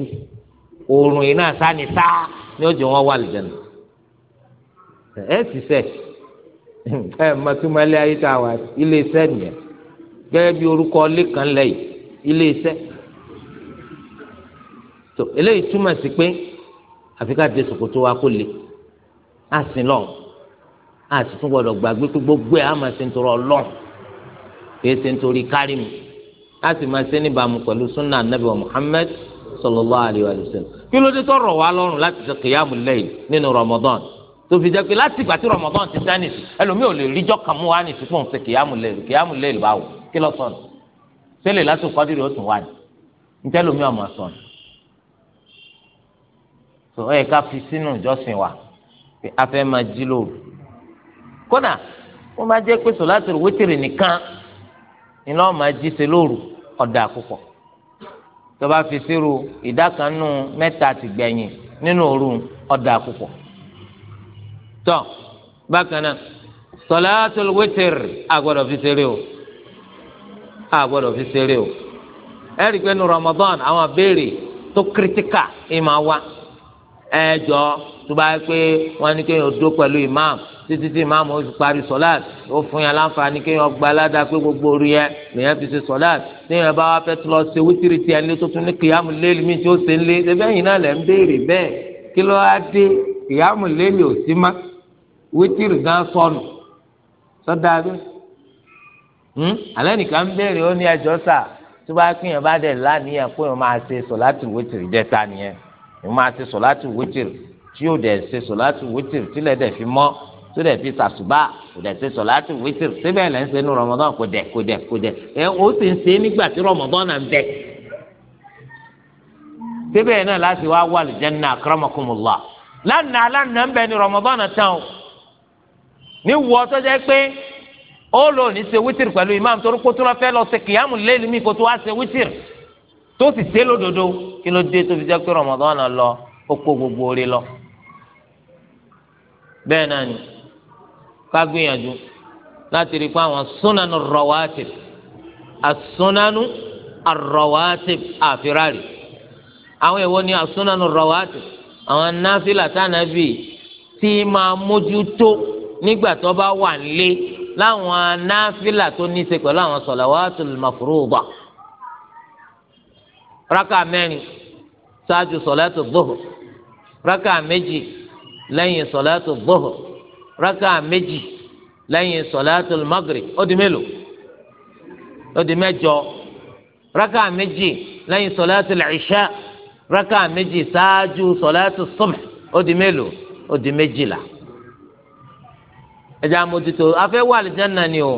A: oorun yìí náà sáni sá ni ó jẹ wọn wà lìjẹnà ẹ sì sẹ ẹ mọtúmọlẹ ayé tá a wà ilé iṣẹ́ nìyẹn gẹ́gẹ́ bí orúkọ lẹkàn lẹ́yìn ilé iṣẹ́ tó eléyìí túmọ̀ sí pé àfi ká de sòkòtò wa kó le á lọ á tún gbọdọ̀ gbàgbé gbogbo ẹ̀ á máa sin tọrọ lọ́hùn kìí ṣe nítorí kárí mi láti máa ṣe níbàámu pẹ̀lú sunnah anabi wa muhammed sallallahu alayhi wa sallam kí ló dé tó rọ̀ wá lọ́rùn láti ṣe kìyàmù lẹ́yìn nínú ramadan tó fi jẹ́ pé láti ìgbà tí ramadan ti dá nìsí ẹlòmíì ò lè ríjọ́ kan mú wá nìsí fún ṣe kìyàmù lẹ́yìn kìyàmù lẹ́yìn báwo kí lọ sọ̀nù sẹ́lẹ̀ lásìkò kọ́dìrì ó tún wá ní níta ẹlòmíì ọmọ sọ̀nù tó ẹ̀ ká fi sínú ìjọsìn wa pé máa jí lóru kódà ó máa jẹ́ pé sọ̀látùl wítìrì nìkan iná máa jí ṣe lóru ọ̀dà púpọ̀ tó bá fi sírú ìdá kan nù mẹ́ta ti gbẹ̀yìn nínú òru ọ̀dà púpọ̀ tọ́ bákan náà sọláàtúl wítìrì àgbọ̀dọ̀ fi ṣeré o àgbọ̀dọ̀ fi ṣeré o ẹ rí i pé nu Ramadan àwọn béèrè tó kírítíkà ìmọ̀ wa ẹ jọ tó bá yẹ pé wọ́n ní kéèyàn dó pẹ̀lú imam títí tí imam ó fi parí sọ́láàt ó fún yàn láǹfààní kéèyàn gba aládàá pé gbogbo orí yẹn lèyàn fi ṣe sọ́láàt téèyàn bá wá fẹ́ tó lọ ṣe wítìrì tiẹ̀ ní tó tún ní kìyàmù léèlì mi tí ó ṣe ń lé ẹgbẹ́ yìí náà lẹ̀ ń béèrè bẹ́ẹ̀ kí ló á dé kìyàmù léèlì ò sí má wítìrì gan sọnù sọ́dà bẹ́ẹ̀ alẹ́ hmm? nìkan ń béèrè ó ní ẹjọ́ sáà tó kéèyàn bá tí yóò dẹ̀ ṣe sọ̀láàtì wítìr tílẹ̀ dẹ̀ fi mọ́ tó dẹ̀ fi sàṣùbà kò dẹ̀ ṣe sọ̀láàtì wítìr síbẹ̀ lẹ́ ń ṣe ní rọmọdán kò dẹ̀ kò dẹ̀ kò dẹ̀ ẹ ó sì ń ṣe nígbà tí rọmọdán náà ń bẹ. síbẹ̀ náà láti wá wà lìjẹ́nà akramakumullah lánàá lánàá ń bẹ ní rọmọdán tán o ní wọ́ tó jẹ́ pé ó lò ní ṣe wítìr pẹ̀lú imam torí kó tó lọ fẹ́ lọ ṣe kìyàmù lẹ́lu mi kó tó wá ṣe wítìr tó sì bẹ́ẹ̀ náà ni ká gbìyànjú láti rí i pé àwọn súnanu rọwátìb àsúnanu àrọwátìb àfirárì àwọn èèwọ̀ ni àsúnanu rọwátìb àwọn náfìlà tánàbì tí máa mójútó nígbà tó bá wà nílé láwọn náfìlà tó ní í ṣe pẹ̀lú àwọn sọ̀làwátìl màfúrúbà rákà mẹ́rin ṣáájú sọ̀látù dhuhr rákà méjì. lẹ́yìn sọ̀láàtù dhuhr rákà méjì lẹ́yìn sọ̀láàtù maghrib ó di mélòó ó di mẹ́jọ rákà méjì lẹ́yìn sọ̀láàtù ìṣá rákà méjì ṣáájú sọ̀láàtù subh ó di mélòó ó di méjìlá ẹ̀jẹ̀ àmójútó afẹ́ wà lìjánná ni o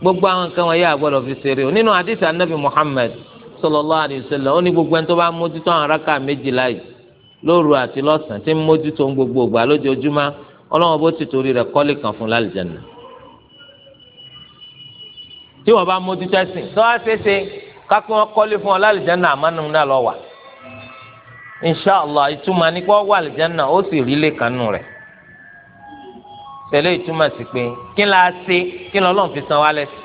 A: gbogbo àwọn nǹkan wọ̀nyí àgbọ̀dọ̀ fi ṣeré o nínú àdìsí anábì Muhammad sallallahu alaihi wasallam ó ní gbogbo ẹni tó bá mójútó àwọn rákà méjìlá yìí lóru àti lọ́sàn tí ń mójútó gbogbo ìgbà lójoojúmọ́ ọlọ́wọ́n bó ti torí rẹ̀ kọ́lé kan fún lálùjánnà tí wọ́n bá mójútó ẹ̀sìn tó wá ṣeéṣe kápẹ́ wọn kọ́lé fún ọ lálùjánnà àmánú náà lọ wà inshàlá ìtumọ̀ nípa wà lálùjánnà ó sì rí lé kanú rẹ̀ tẹ̀lé ìtumọ̀ sí pé kí la ṣe kí lọ́lọ́run fi san wá lẹ́sìn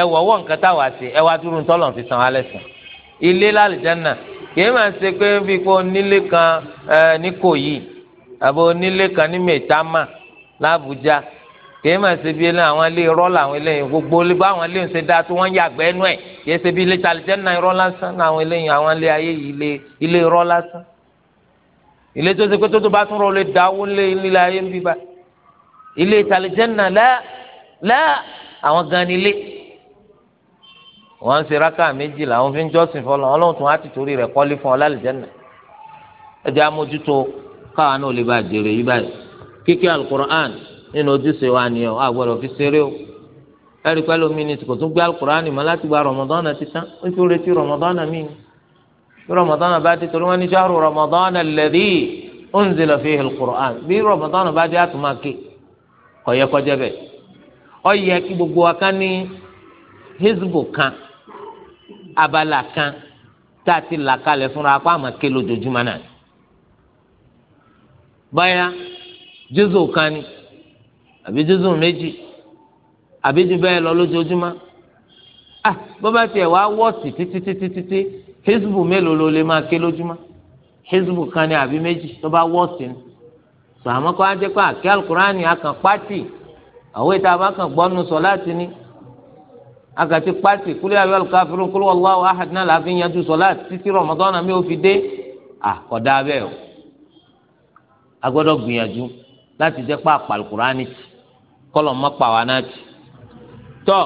A: ẹ wọ̀ ọwọ́ nǹkan táwa ṣe ẹ wá dúró ń kìí máa ṣe pé bíi pé onílé kan ní Kòyí àbí onílé kan ní Maitama l'Àbújá kìí máa ṣe bíi àwọn ilé irọ́ làwọn ilé yẹn gbogbo báwọn ilé yẹn ṣe dáa tó wọ́n yàgbẹ́ ẹnu ẹ̀ kìí ṣe bíi ilé tàlẹ́jẹ́ náà irọ́ lásán làwọn ilé yẹn àwọn ilé ayé yìí ilé irọ́ lásán ilé tó ṣe pé tó tó bá tún rọ lè dáwó lé ilé ayé ń bíbá ilé tàlẹ́jẹ́ náà lẹ́ẹ̀ lẹ́ẹ̀ àwọn gan ni ilé. wọn ṣe méjì làwọn fi ń jọ́sìn fọlọ́ ọlọ́run tún á ti torí rẹ̀ kọ́lé fún ọlálìjẹ́nà ẹ amójútó káwọn náà lè bá jèrè yí báyìí kíkẹ́ alukur'an nínú ojúṣe wa nìyẹn fi ṣeré o pẹ́lú mi ni kò tún gbé alukur'an mọ́ láti gba rọmọdánà ti ó ti retí rọmọdánà mi ni bí rọmọdánà bá ti torí wọn ní rọmọdánà lẹ́dí alukur'an bí rọmọdánà bá abala kan tá a ti là kalẹ̀ fúnra apá àmọ́ ké lójoojúmọ́ náà báyà jésù kan ni àbí jésù méjì àbí ju bẹ́ẹ̀ lọ lójoojúmọ́ ah bó bá tiẹ̀ wá wọ́ọ̀sì títí títí títí hizbu mélòó ló lè máa ké lójúmọ́ hizbu kan ni àbí méjì tó bá wọ́ọ̀sì ni sọ àmọ́ kó á jẹ́ pé àkẹ́ alukurani akàn pátì àwọn ètò àbákan gbọ́nu sọ láti ní agati kpati kuli ayo alukafiru kuli wallahu ahad náà la fi yanjú ah, sọlá títí rọmọdọ́nà mi ò fi dé àkọ́dá bẹ́ẹ̀ o agbọ́dọ̀ gbìyànjú láti jẹ́ pa àpàlùkùránì tì kọ́lọ̀ mọ́pàwá náà tì tọ́